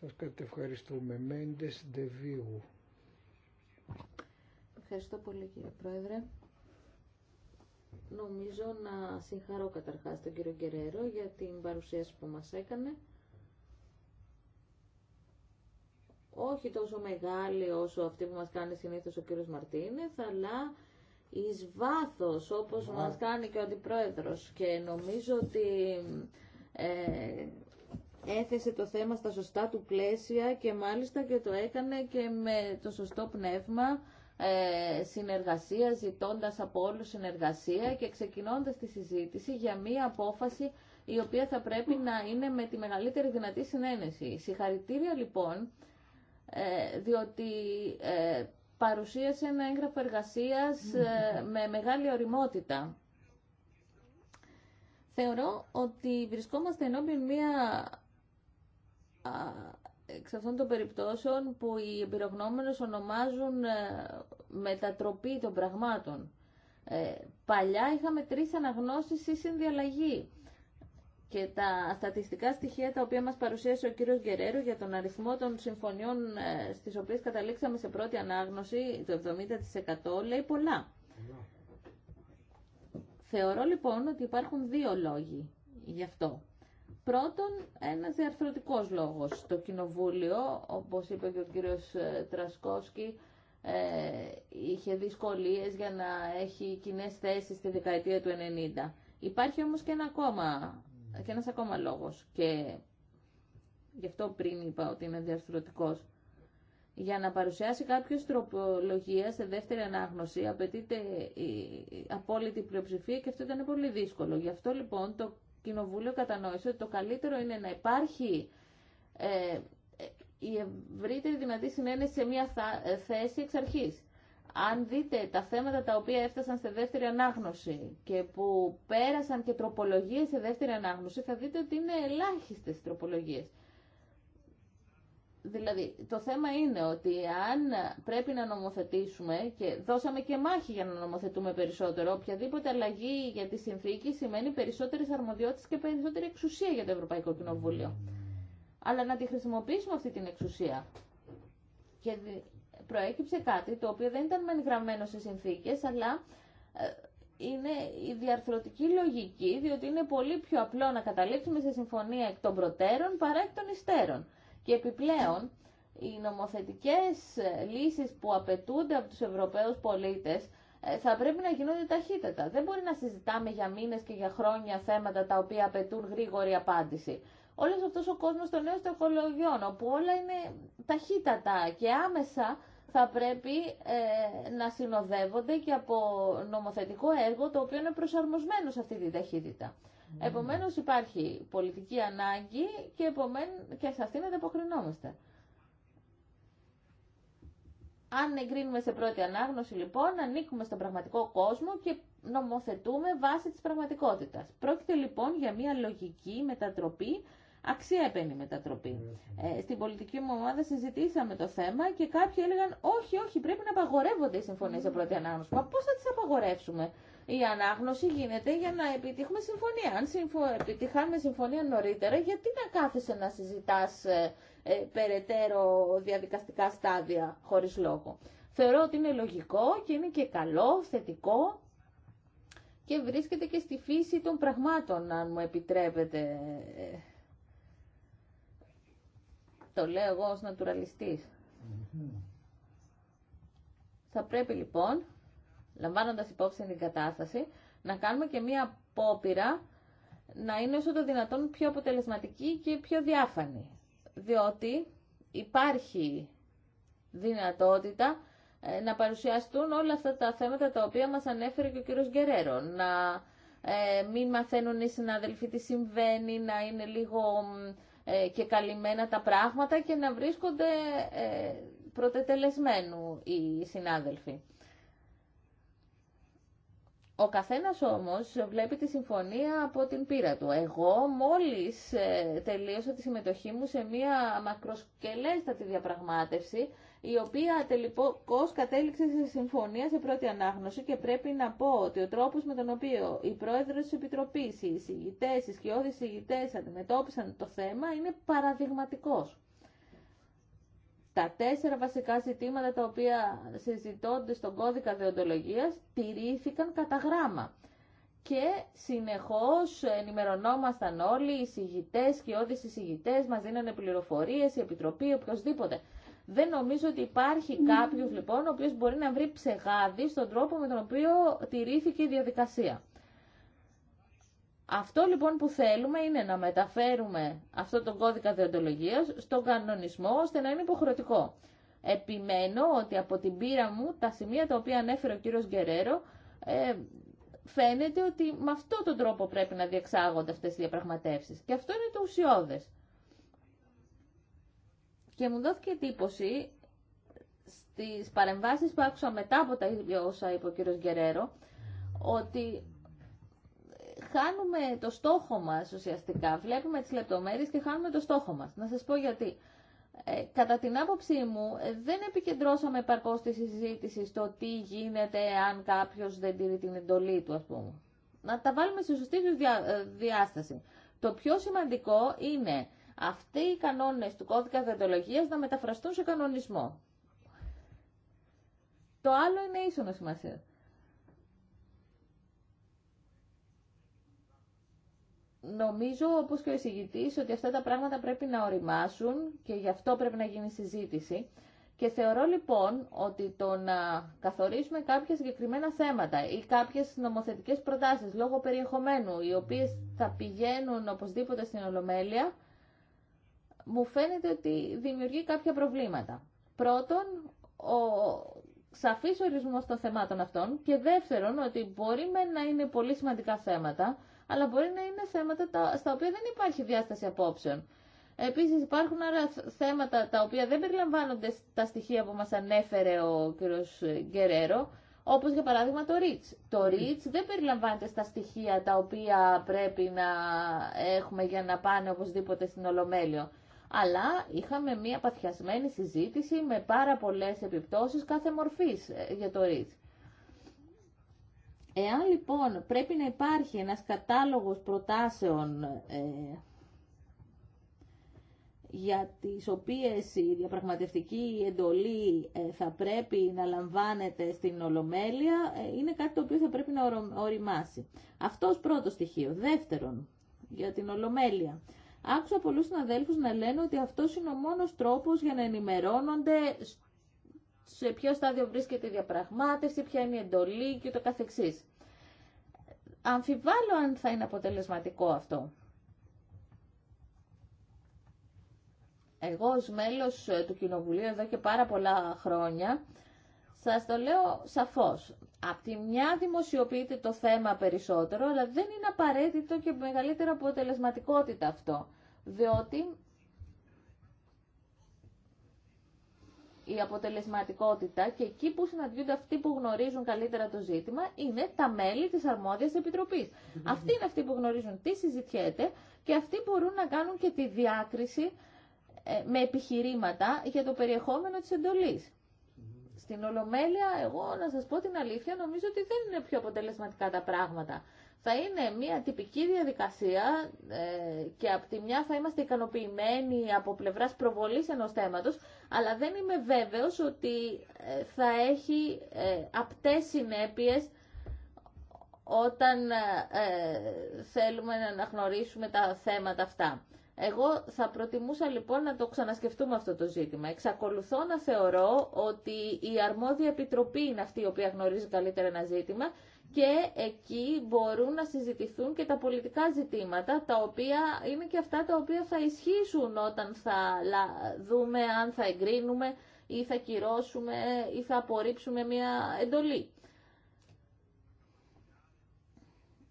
Σας κατευχαριστούμε. Μέντες Ευχαριστώ πολύ κύριε Πρόεδρε. Νομίζω να συγχαρώ καταρχάς τον κύριο Γκερέρο για την παρουσίαση που μας έκανε. όχι τόσο μεγάλη όσο αυτή που μας κάνει συνήθως ο κύριος Μαρτίνεθ, αλλά εις βάθος όπως μα μας κάνει και ο Αντιπρόεδρος και νομίζω ότι ε, έθεσε το θέμα στα σωστά του πλαίσια και μάλιστα και το έκανε και με το σωστό πνεύμα ε, συνεργασία, ζητώντα από όλου συνεργασία και ξεκινώντα τη συζήτηση για μία απόφαση η οποία θα πρέπει να είναι με τη μεγαλύτερη δυνατή συνένεση. Συγχαρητήρια λοιπόν, ε, διότι ε, παρουσίασε ένα έγγραφο εργασίας με μεγάλη οριμότητα. Θεωρώ ότι βρισκόμαστε ενώπιον μια εξ αυτών των περιπτώσεων που οι εμπειρογνώμενες ονομάζουν ε, μετατροπή των πραγμάτων. Ε, παλιά είχαμε τρεις αναγνώσεις ή συνδιαλλαγή. Και τα στατιστικά στοιχεία τα οποία μας παρουσίασε ο κύριος Γκερέρο για τον αριθμό των συμφωνιών ε, στις οποίες καταλήξαμε σε πρώτη ανάγνωση, το 70% λέει πολλά. Θεωρώ λοιπόν ότι υπάρχουν δύο λόγοι γι' αυτό. Πρώτον, ένας διαρθρωτικός λόγος. Το Κοινοβούλιο, όπως είπε και ο κύριος ε, Τρασκόσκι, ε, είχε δυσκολίε για να έχει κοινέ θέσει στη δεκαετία του 90. Υπάρχει όμως και, ένα ακόμα, και ένας ακόμα λόγος και γι' αυτό πριν είπα ότι είναι διαρθρωτικός. Για να παρουσιάσει κάποιο τροπολογία σε δεύτερη ανάγνωση απαιτείται η απόλυτη πλειοψηφία και αυτό ήταν πολύ δύσκολο. Γι' αυτό λοιπόν το Κοινοβούλιο κατανόησε ότι το καλύτερο είναι να υπάρχει ε, η ευρύτερη δυνατή συνένεση σε μια ε, θέση εξ αρχής. Αν δείτε τα θέματα τα οποία έφτασαν σε δεύτερη ανάγνωση και που πέρασαν και τροπολογίες σε δεύτερη ανάγνωση, θα δείτε ότι είναι ελάχιστες τροπολογίες. Δηλαδή, το θέμα είναι ότι αν πρέπει να νομοθετήσουμε και δώσαμε και μάχη για να νομοθετούμε περισσότερο, οποιαδήποτε αλλαγή για τη συνθήκη σημαίνει περισσότερες αρμοδιότητες και περισσότερη εξουσία για το Ευρωπαϊκό Κοινοβούλιο. Αλλά να τη χρησιμοποιήσουμε αυτή την εξουσία. Και προέκυψε κάτι το οποίο δεν ήταν μεν γραμμένο σε συνθήκες, αλλά ε, είναι η διαρθρωτική λογική, διότι είναι πολύ πιο απλό να καταλήξουμε σε συμφωνία εκ των προτέρων παρά εκ των υστέρων. Και επιπλέον, οι νομοθετικές ε, λύσεις που απαιτούνται από τους Ευρωπαίους πολίτες ε, θα πρέπει να γίνονται ταχύτατα. Δεν μπορεί να συζητάμε για μήνες και για χρόνια θέματα τα οποία απαιτούν γρήγορη απάντηση. Όλο αυτό ο κόσμο των νέων τεχνολογιών, όπου όλα είναι ταχύτατα και άμεσα θα πρέπει ε, να συνοδεύονται και από νομοθετικό έργο το οποίο είναι προσαρμοσμένο σε αυτή τη ταχύτητα. Mm. Επομένως υπάρχει πολιτική ανάγκη και, επομέν, και σε αυτήν ανταποκρινόμαστε. Αν εγκρίνουμε σε πρώτη ανάγνωση λοιπόν, ανήκουμε στον πραγματικό κόσμο και νομοθετούμε βάσει της πραγματικότητας. Πρόκειται λοιπόν για μια λογική μετατροπή, αξία αξιέπαινη μετατροπή. Mm-hmm. Ε, στην πολιτική μου ομάδα συζητήσαμε το θέμα και κάποιοι έλεγαν όχι, όχι, πρέπει να απαγορεύονται οι συμφωνίες σε mm. πρώτη ανάγνωση. Μα θα τις απαγορεύσουμε η ανάγνωση γίνεται για να επιτύχουμε συμφωνία. Αν συμφω... επιτυχάνουμε συμφωνία νωρίτερα, γιατί να κάθεσαι να συζητάς ε, ε, περαιτέρω διαδικαστικά στάδια χωρίς λόγο. Θεωρώ ότι είναι λογικό και είναι και καλό, θετικό και βρίσκεται και στη φύση των πραγμάτων, αν μου επιτρέπετε. Το λέω εγώ ως νατουραλιστής. Θα πρέπει λοιπόν λαμβάνοντας υπόψη την κατάσταση, να κάνουμε και μία απόπειρα να είναι όσο το δυνατόν πιο αποτελεσματική και πιο διάφανη. Διότι υπάρχει δυνατότητα ε, να παρουσιαστούν όλα αυτά τα θέματα τα οποία μας ανέφερε και ο κύριος Γκερέρο. Να ε, μην μαθαίνουν οι συναδελφοί τι συμβαίνει, να είναι λίγο ε, και καλυμμένα τα πράγματα και να βρίσκονται ε, πρωτετελεσμένου οι συνάδελφοι. Ο καθένας όμως βλέπει τη συμφωνία από την πείρα του. Εγώ μόλις ε, τελείωσα τη συμμετοχή μου σε μία μακροσκελέστατη διαπραγμάτευση, η οποία τελικώς κατέληξε σε συμφωνία σε πρώτη ανάγνωση και πρέπει να πω ότι ο τρόπος με τον οποίο οι πρόεδρος της Επιτροπής, οι συγητές, οι σκιώδεις συγητές αντιμετώπισαν το θέμα είναι παραδειγματικός τα τέσσερα βασικά ζητήματα τα οποία συζητώνται στον κώδικα δεοντολογίας τηρήθηκαν κατά γράμμα. Και συνεχώς ενημερωνόμασταν όλοι οι συγητές και οι συγητές, μας δίνανε πληροφορίες, η Επιτροπή, οποιοδήποτε. Δεν νομίζω ότι υπάρχει κάποιος λοιπόν ο οποίος μπορεί να βρει ψεγάδι στον τρόπο με τον οποίο τηρήθηκε η διαδικασία. Αυτό λοιπόν που θέλουμε είναι να μεταφέρουμε αυτό τον κώδικα διοντολογίας στον κανονισμό ώστε να είναι υποχρεωτικό. Επιμένω ότι από την πείρα μου τα σημεία τα οποία ανέφερε ο κύριος Γκερέρο ε, φαίνεται ότι με αυτόν τον τρόπο πρέπει να διεξάγονται αυτές οι διαπραγματεύσεις. Και αυτό είναι το ουσιώδες. Και μου δόθηκε εντύπωση στις παρεμβάσεις που άκουσα μετά από τα όσα είπε ο κύριος Γκερέρο ότι χάνουμε το στόχο μας ουσιαστικά. Βλέπουμε τις λεπτομέρειες και χάνουμε το στόχο μας. Να σας πω γιατί. Ε, κατά την άποψή μου, ε, δεν επικεντρώσαμε επαρκώς τη συζήτηση στο τι γίνεται αν κάποιος δεν τηρεί την εντολή του, ας πούμε. Να τα βάλουμε στη σωστή ε, διάσταση. Το πιο σημαντικό είναι αυτοί οι κανόνες του κώδικα διοντολογίας να μεταφραστούν σε κανονισμό. Το άλλο είναι ίσονο σημασία. Νομίζω, όπως και ο εισηγητής, ότι αυτά τα πράγματα πρέπει να οριμάσουν και γι' αυτό πρέπει να γίνει συζήτηση. Και θεωρώ λοιπόν ότι το να καθορίσουμε κάποια συγκεκριμένα θέματα ή κάποιες νομοθετικές προτάσεις λόγω περιεχομένου, οι οποίες θα πηγαίνουν οπωσδήποτε στην Ολομέλεια, μου φαίνεται ότι δημιουργεί κάποια προβλήματα. Πρώτον, ο σαφής ορισμός των θεμάτων αυτών και δεύτερον, ότι μπορεί να είναι πολύ σημαντικά θέματα, αλλά μπορεί να είναι θέματα στα οποία δεν υπάρχει διάσταση απόψεων. Επίσης υπάρχουν άλλα θέματα τα οποία δεν περιλαμβάνονται στα στοιχεία που μας ανέφερε ο κ. Γκερέρο, όπως για παράδειγμα το REACH. Το REACH δεν περιλαμβάνεται στα στοιχεία τα οποία πρέπει να έχουμε για να πάνε οπωσδήποτε στην Ολομέλεια. Αλλά είχαμε μια παθιασμένη συζήτηση με πάρα πολλέ επιπτώσει κάθε μορφή ε, για το REACH. Εάν λοιπόν πρέπει να υπάρχει ένας κατάλογος προτάσεων ε, για τις οποίες η διαπραγματευτική εντολή ε, θα πρέπει να λαμβάνεται στην Ολομέλεια, ε, είναι κάτι το οποίο θα πρέπει να οριμάσει. Αυτός πρώτο στοιχείο. Δεύτερον, για την Ολομέλεια. Άκουσα πολλούς συναδέλφους να λένε ότι αυτός είναι ο μόνος τρόπος για να ενημερώνονται σε ποιο στάδιο βρίσκεται η διαπραγμάτευση, ποια είναι η εντολή και το καθεξής. Αμφιβάλλω αν θα είναι αποτελεσματικό αυτό. Εγώ ως μέλος ε, του Κοινοβουλίου εδώ και πάρα πολλά χρόνια, σας το λέω σαφώς. Απ' τη μια δημοσιοποιείται το θέμα περισσότερο, αλλά δεν είναι απαραίτητο και μεγαλύτερη αποτελεσματικότητα αυτό. Διότι η αποτελεσματικότητα και εκεί που συναντιούνται αυτοί που γνωρίζουν καλύτερα το ζήτημα είναι τα μέλη της αρμόδιας επιτροπής. Αυτοί είναι αυτοί που γνωρίζουν τι συζητιέται και αυτοί μπορούν να κάνουν και τη διάκριση ε, με επιχειρήματα για το περιεχόμενο της εντολής. Στην Ολομέλεια, εγώ να σας πω την αλήθεια, νομίζω ότι δεν είναι πιο αποτελεσματικά τα πράγματα θα είναι μια τυπική διαδικασία ε, και από τη μια θα είμαστε ικανοποιημένοι από πλευράς προβολής ενός θέματος, αλλά δεν είμαι βέβαιος ότι ε, θα έχει ε, απτές συνέπειες όταν ε, θέλουμε να αναγνωρίσουμε τα θέματα αυτά. Εγώ θα προτιμούσα λοιπόν να το ξανασκεφτούμε αυτό το ζήτημα. Εξακολουθώ να θεωρώ ότι η αρμόδια επιτροπή είναι αυτή η οποία γνωρίζει καλύτερα ένα ζήτημα και εκεί μπορούν να συζητηθούν και τα πολιτικά ζητήματα, τα οποία είναι και αυτά τα οποία θα ισχύσουν όταν θα δούμε αν θα εγκρίνουμε ή θα κυρώσουμε ή θα απορρίψουμε μια εντολή.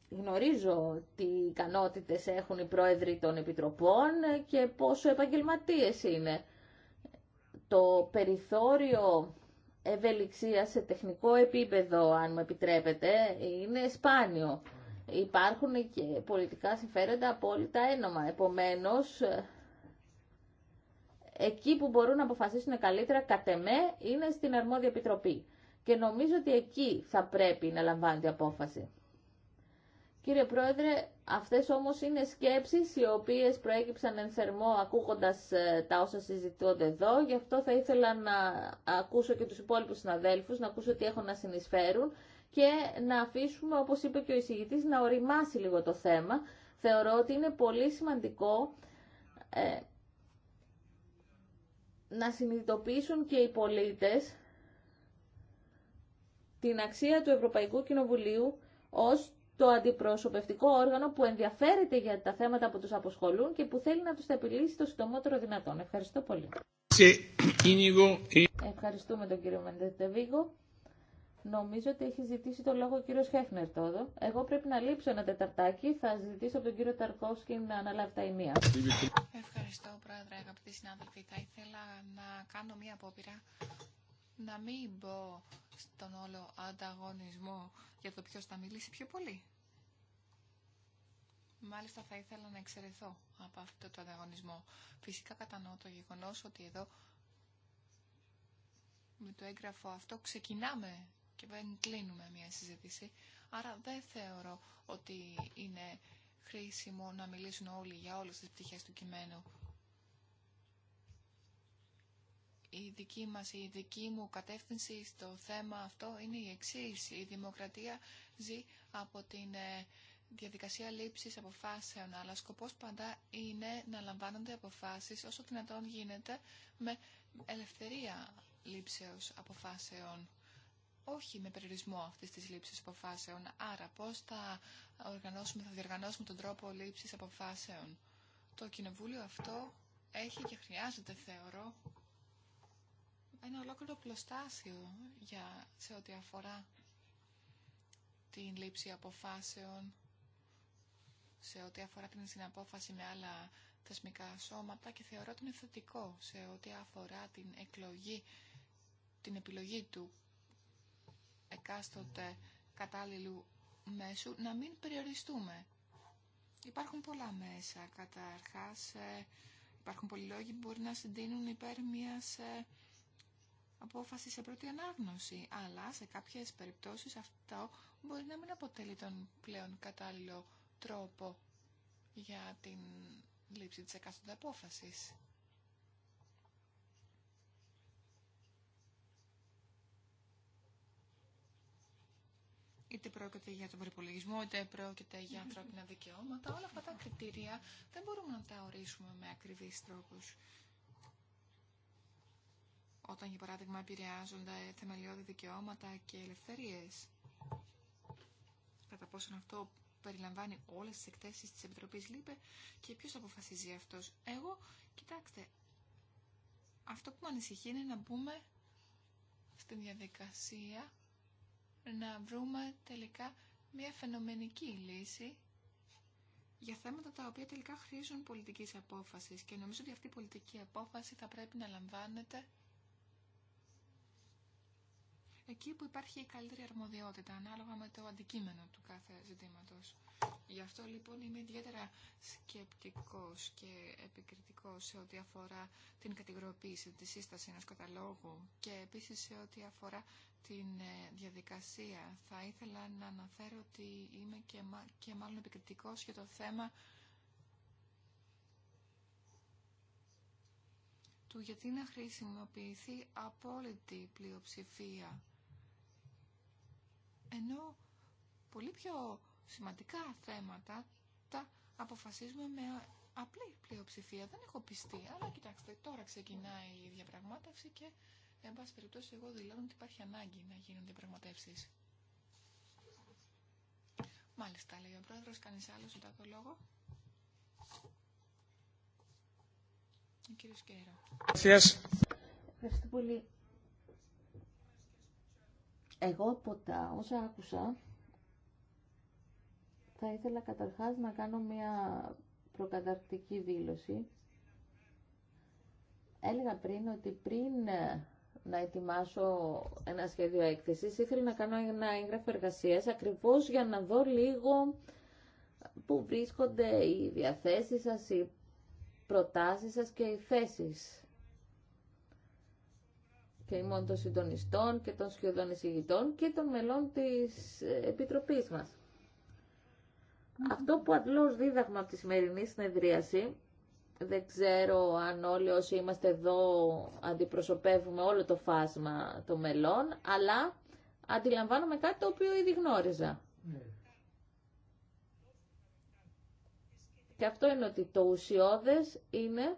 Γνωρίζω τι ικανότητες έχουν οι πρόεδροι των επιτροπών και πόσο επαγγελματίες είναι. Το περιθώριο ευελιξία σε τεχνικό επίπεδο, αν μου επιτρέπετε, είναι σπάνιο. Υπάρχουν και πολιτικά συμφέροντα απόλυτα ένομα. Επομένως, εκεί που μπορούν να αποφασίσουν καλύτερα, κατ' εμέ, είναι στην αρμόδια επιτροπή. Και νομίζω ότι εκεί θα πρέπει να λαμβάνεται απόφαση. Κύριε Πρόεδρε, Αυτές όμως είναι σκέψεις οι οποίες προέκυψαν εν θερμό ακούγοντας ε, τα όσα συζητούνται εδώ. Γι' αυτό θα ήθελα να ακούσω και τους υπόλοιπους συναδέλφους, να ακούσω τι έχουν να συνεισφέρουν και να αφήσουμε, όπως είπε και ο εισηγητής, να οριμάσει λίγο το θέμα. Θεωρώ ότι είναι πολύ σημαντικό ε, να συνειδητοποιήσουν και οι πολίτες την αξία του Ευρωπαϊκού Κοινοβουλίου ως το αντιπροσωπευτικό όργανο που ενδιαφέρεται για τα θέματα που τους αποσχολούν και που θέλει να τους τα επιλύσει το συντομότερο δυνατόν. Ευχαριστώ πολύ. Ε, Ευχαριστούμε τον κύριο Μεντετεβίγο. Νομίζω ότι έχει ζητήσει το λόγο ο κύριος Χέφνερ τόδο. Εγώ πρέπει να λείψω ένα τεταρτάκι. Θα ζητήσω από τον κύριο Ταρκόσκι να αναλάβει τα ημεία. Ευχαριστώ, Πρόεδρε, αγαπητοί συνάδελφοι. Θα ήθελα να κάνω μία απόπειρα να μην πω στον όλο ανταγωνισμό για το ποιος θα μιλήσει πιο πολύ. Μάλιστα θα ήθελα να εξαιρεθώ από αυτό το ανταγωνισμό. Φυσικά κατανοώ το γεγονός ότι εδώ με το έγγραφο αυτό ξεκινάμε και δεν κλείνουμε μια συζήτηση. Άρα δεν θεωρώ ότι είναι χρήσιμο να μιλήσουν όλοι για όλες τις πτυχές του κειμένου η δική μας, η δική μου κατεύθυνση στο θέμα αυτό είναι η εξής. Η δημοκρατία ζει από την ε, διαδικασία λήψης αποφάσεων, αλλά σκοπός πάντα είναι να λαμβάνονται αποφάσεις όσο δυνατόν γίνεται με ελευθερία λήψεως αποφάσεων όχι με περιορισμό αυτή τη λήψη αποφάσεων. Άρα, πώ θα οργανώσουμε, θα διοργανώσουμε τον τρόπο λήψη αποφάσεων. Το κοινοβούλιο αυτό έχει και χρειάζεται, θεωρώ, ένα ολόκληρο πλωστάσιο για, σε ό,τι αφορά την λήψη αποφάσεων, σε ό,τι αφορά την συναπόφαση με άλλα θεσμικά σώματα και θεωρώ ότι είναι θετικό σε ό,τι αφορά την εκλογή, την επιλογή του εκάστοτε κατάλληλου μέσου, να μην περιοριστούμε. Υπάρχουν πολλά μέσα. Καταρχάς, ε, υπάρχουν πολλοί λόγοι που μπορεί να συντείνουν υπέρ μιας ε, απόφαση σε πρώτη ανάγνωση, αλλά σε κάποιες περιπτώσεις αυτό μπορεί να μην αποτελεί τον πλέον κατάλληλο τρόπο για την λήψη της εκάστοτε απόφασης. είτε πρόκειται για τον προπολογισμό, είτε πρόκειται για ανθρώπινα δικαιώματα, όλα αυτά τα κριτήρια δεν μπορούμε να τα ορίσουμε με ακριβείς τρόπους όταν για παράδειγμα επηρεάζονται θεμελιώδη δικαιώματα και ελευθερίες. Κατά πόσον αυτό περιλαμβάνει όλες τις εκτέσεις της Επιτροπής ΛΥΠΕ και ποιος αποφασίζει αυτός. Εγώ, κοιτάξτε, αυτό που με ανησυχεί είναι να μπούμε στην διαδικασία να βρούμε τελικά μια φαινομενική λύση για θέματα τα οποία τελικά χρήζουν πολιτικής απόφασης και νομίζω ότι αυτή η πολιτική απόφαση θα πρέπει να λαμβάνεται εκεί που υπάρχει η καλύτερη αρμοδιότητα ανάλογα με το αντικείμενο του κάθε ζητήματος. Γι' αυτό λοιπόν είμαι ιδιαίτερα σκεπτικός και επικριτικός σε ό,τι αφορά την κατηγοροποίηση της σύσταση ενός καταλόγου και επίσης σε ό,τι αφορά την ε, διαδικασία. Θα ήθελα να αναφέρω ότι είμαι και, και μάλλον επικριτικός για το θέμα του γιατί να χρησιμοποιηθεί απόλυτη πλειοψηφία ενώ πολύ πιο σημαντικά θέματα τα αποφασίζουμε με απλή πλειοψηφία. Δεν έχω πιστεί, αλλά κοιτάξτε, τώρα ξεκινάει η διαπραγμάτευση και, εν πάση περιπτώσει, εγώ δηλώνω ότι υπάρχει ανάγκη να γίνουν διαπραγματεύσει. Μάλιστα, λέει ο πρόεδρος, κανείς άλλος μετά το λόγο. Ο κύριος Κέιρα. Ευχαριστώ πολύ. Εγώ από τα όσα άκουσα θα ήθελα καταρχάς να κάνω μια προκαταρκτική δήλωση. Έλεγα πριν ότι πριν να ετοιμάσω ένα σχέδιο έκθεσης ήθελα να κάνω ένα έγγραφο εργασία ακριβώς για να δω λίγο πού βρίσκονται οι διαθέσεις σας, οι προτάσεις σας και οι θέσεις και ημών των συντονιστών και των σχεδόν εισηγητών και των μελών της Επιτροπής μας. Αυτό που αντλώ δίδαγμα από τη σημερινή συνεδρίαση, δεν ξέρω αν όλοι όσοι είμαστε εδώ αντιπροσωπεύουμε όλο το φάσμα των μελών, αλλά αντιλαμβάνομαι κάτι το οποίο ήδη γνώριζα. Ναι. Και αυτό είναι ότι το ουσιώδες είναι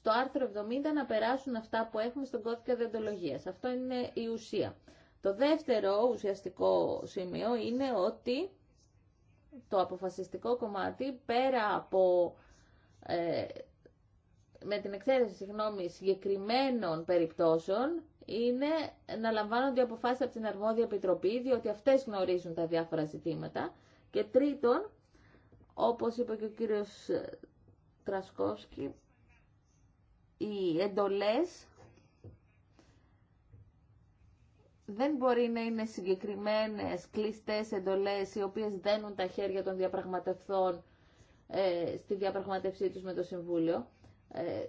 στο άρθρο 70 να περάσουν αυτά που έχουμε στον κώδικα διοντολογία. Αυτό είναι η ουσία. Το δεύτερο ουσιαστικό σημείο είναι ότι το αποφασιστικό κομμάτι πέρα από ε, με την εξαίρεση συγγνώμη, συγκεκριμένων περιπτώσεων είναι να λαμβάνονται αποφάσεις από την αρμόδια επιτροπή διότι αυτές γνωρίζουν τα διάφορα ζητήματα και τρίτον όπως είπε και ο κύριος Τρασκόσκι οι εντολές δεν μπορεί να είναι συγκεκριμένες κλειστές εντολές οι οποίες δένουν τα χέρια των διαπραγματευτών ε, στη διαπραγματευσή τους με το Συμβούλιο. Ε,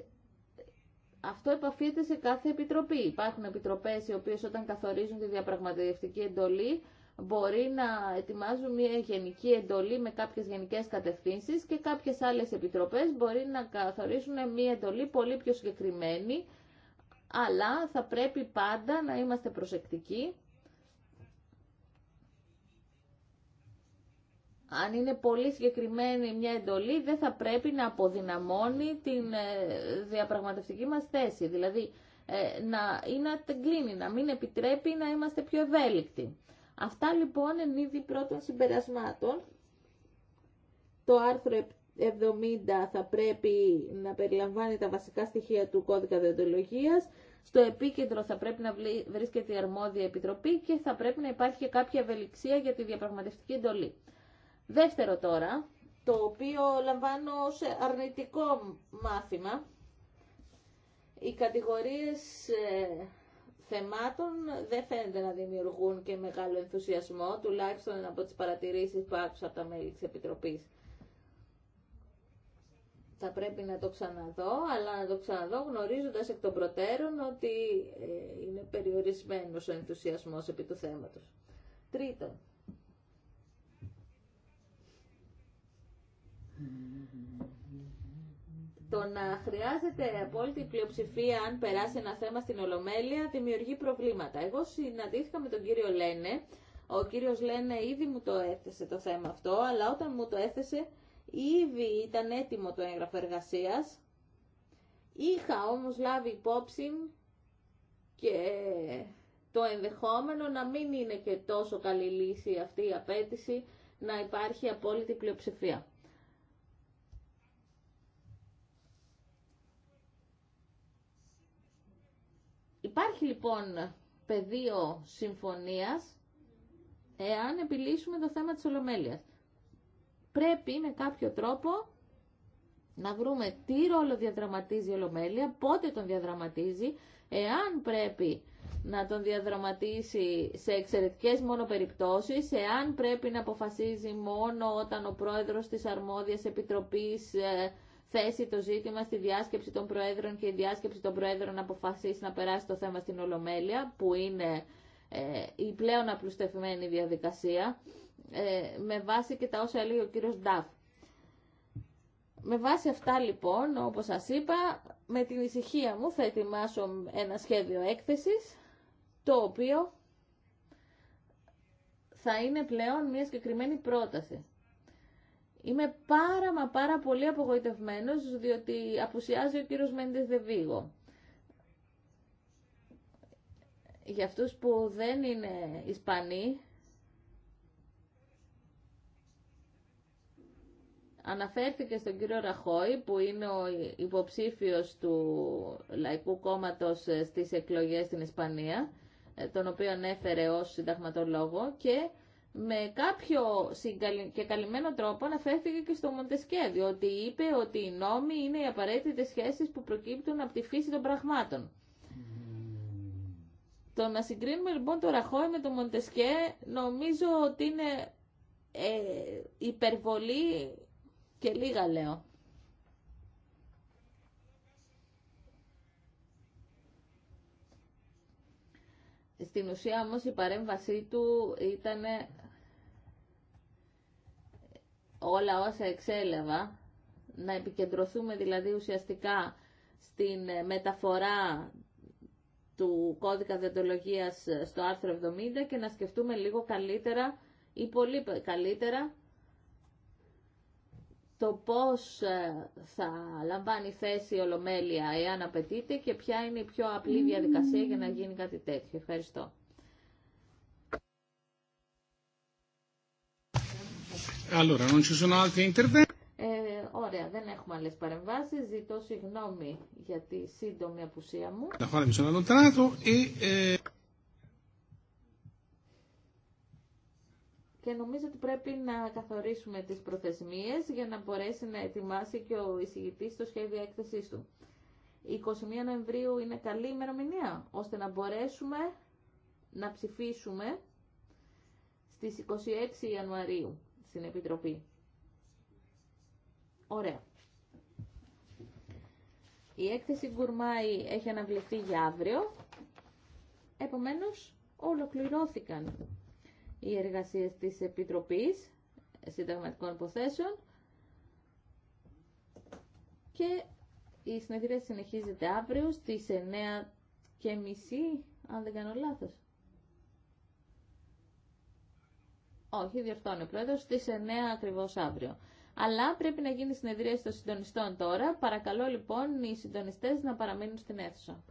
αυτό επαφείται σε κάθε επιτροπή. Υπάρχουν επιτροπές οι οποίες όταν καθορίζουν τη διαπραγματευτική εντολή μπορεί να ετοιμάζουν μια γενική εντολή με κάποιες γενικές κατευθύνσεις και κάποιες άλλες επιτροπές μπορεί να καθορίσουν μια εντολή πολύ πιο συγκεκριμένη, αλλά θα πρέπει πάντα να είμαστε προσεκτικοί. Αν είναι πολύ συγκεκριμένη μια εντολή, δεν θα πρέπει να αποδυναμώνει την ε, διαπραγματευτική μας θέση. Δηλαδή, ε, να, ή να να μην επιτρέπει να είμαστε πιο ευέλικτοι. Αυτά λοιπόν εν είδη πρώτων συμπερασμάτων. Το άρθρο 70 θα πρέπει να περιλαμβάνει τα βασικά στοιχεία του κώδικα διοντολογίας. Στο επίκεντρο θα πρέπει να βρίσκεται η αρμόδια επιτροπή και θα πρέπει να υπάρχει και κάποια ευελιξία για τη διαπραγματευτική εντολή. Δεύτερο τώρα, το οποίο λαμβάνω ως αρνητικό μάθημα, οι κατηγορίες ε, θεμάτων δεν φαίνεται να δημιουργούν και μεγάλο ενθουσιασμό, τουλάχιστον από τις παρατηρήσεις που άκουσα από τα μέλη της Επιτροπής. Θα πρέπει να το ξαναδώ, αλλά να το ξαναδώ γνωρίζοντας εκ των προτέρων ότι ε, είναι περιορισμένος ο ενθουσιασμός επί του θέματος. Τρίτον, το να χρειάζεται απόλυτη πλειοψηφία αν περάσει ένα θέμα στην Ολομέλεια δημιουργεί προβλήματα. Εγώ συναντήθηκα με τον κύριο Λένε. Ο κύριος Λένε ήδη μου το έθεσε το θέμα αυτό, αλλά όταν μου το έθεσε ήδη ήταν έτοιμο το έγγραφο εργασίας. Είχα όμως λάβει υπόψη και το ενδεχόμενο να μην είναι και τόσο καλή λύση αυτή η απέτηση να υπάρχει απόλυτη πλειοψηφία. Υπάρχει λοιπόν πεδίο συμφωνίας εάν επιλύσουμε το θέμα της Ολομέλειας. Πρέπει με κάποιο τρόπο να βρούμε τι ρόλο διαδραματίζει η Ολομέλεια, πότε τον διαδραματίζει, εάν πρέπει να τον διαδραματίσει σε εξαιρετικές μόνο περιπτώσεις, εάν πρέπει να αποφασίζει μόνο όταν ο πρόεδρος της αρμόδιας επιτροπής ε, θέσει το ζήτημα στη διάσκεψη των Προέδρων και η διάσκεψη των Προέδρων αποφασίσει να περάσει το θέμα στην Ολομέλεια, που είναι ε, η πλέον απλουστευμένη διαδικασία, ε, με βάση και τα όσα έλεγε ο κύριος Νταφ. Με βάση αυτά λοιπόν, όπως σας είπα, με την ησυχία μου θα ετοιμάσω ένα σχέδιο έκθεσης, το οποίο θα είναι πλέον μια συγκεκριμένη πρόταση. Είμαι πάρα μα πάρα πολύ απογοητευμένος διότι απουσιάζει ο κύριος Μέντες Δεβίγο. Για αυτούς που δεν είναι Ισπανοί, αναφέρθηκε στον κύριο Ραχόη, που είναι ο υποψήφιος του Λαϊκού Κόμματος στις εκλογές στην Ισπανία, ε, τον οποίο ανέφερε ως συνταγματολόγο και με κάποιο και καλυμμένο τρόπο αναφέρθηκε και στο Μοντεσκέ, διότι είπε ότι οι νόμοι είναι οι απαραίτητες σχέσεις που προκύπτουν από τη φύση των πραγμάτων. Το να συγκρίνουμε λοιπόν το Ραχώη με το Μοντεσκέ νομίζω ότι είναι ε, υπερβολή και λίγα λέω. Στην ουσία όμως η παρέμβασή του ήταν όλα όσα εξέλεβα, να επικεντρωθούμε δηλαδή ουσιαστικά στην ε, μεταφορά του κώδικα διοντολογίας στο άρθρο 70 και να σκεφτούμε λίγο καλύτερα ή πολύ καλύτερα το πώς ε, θα λαμβάνει θέση η Ολομέλεια εάν απαιτείται και ποια είναι η πιο απλή διαδικασία για να γίνει κάτι τέτοιο. Ευχαριστώ. Allora, ε, ωραία, δεν έχουμε άλλε παρεμβάσει. Ζητώ συγγνώμη για τη σύντομη απουσία μου. Ε, και νομίζω ότι πρέπει να καθορίσουμε τι προθεσμίε για να μπορέσει να ετοιμάσει και ο εισηγητή το σχέδιο έκθεσή του. 21 Νοεμβρίου είναι καλή ημερομηνία, ώστε να μπορέσουμε να ψηφίσουμε στις 26 Ιανουαρίου στην Επιτροπή. Ωραία. Η έκθεση Γκουρμάη έχει αναβληθεί για αύριο. Επομένως, ολοκληρώθηκαν οι εργασίες της Επιτροπής Συνταγματικών Υποθέσεων και η συνεδρία συνεχίζεται αύριο στις 9.30, αν δεν κάνω λάθος. Όχι, διορθώνει ο πρόεδρο, στι 9 ακριβώ αύριο. Αλλά πρέπει να γίνει συνεδρία των συντονιστών τώρα. Παρακαλώ λοιπόν οι συντονιστέ να παραμείνουν στην αίθουσα.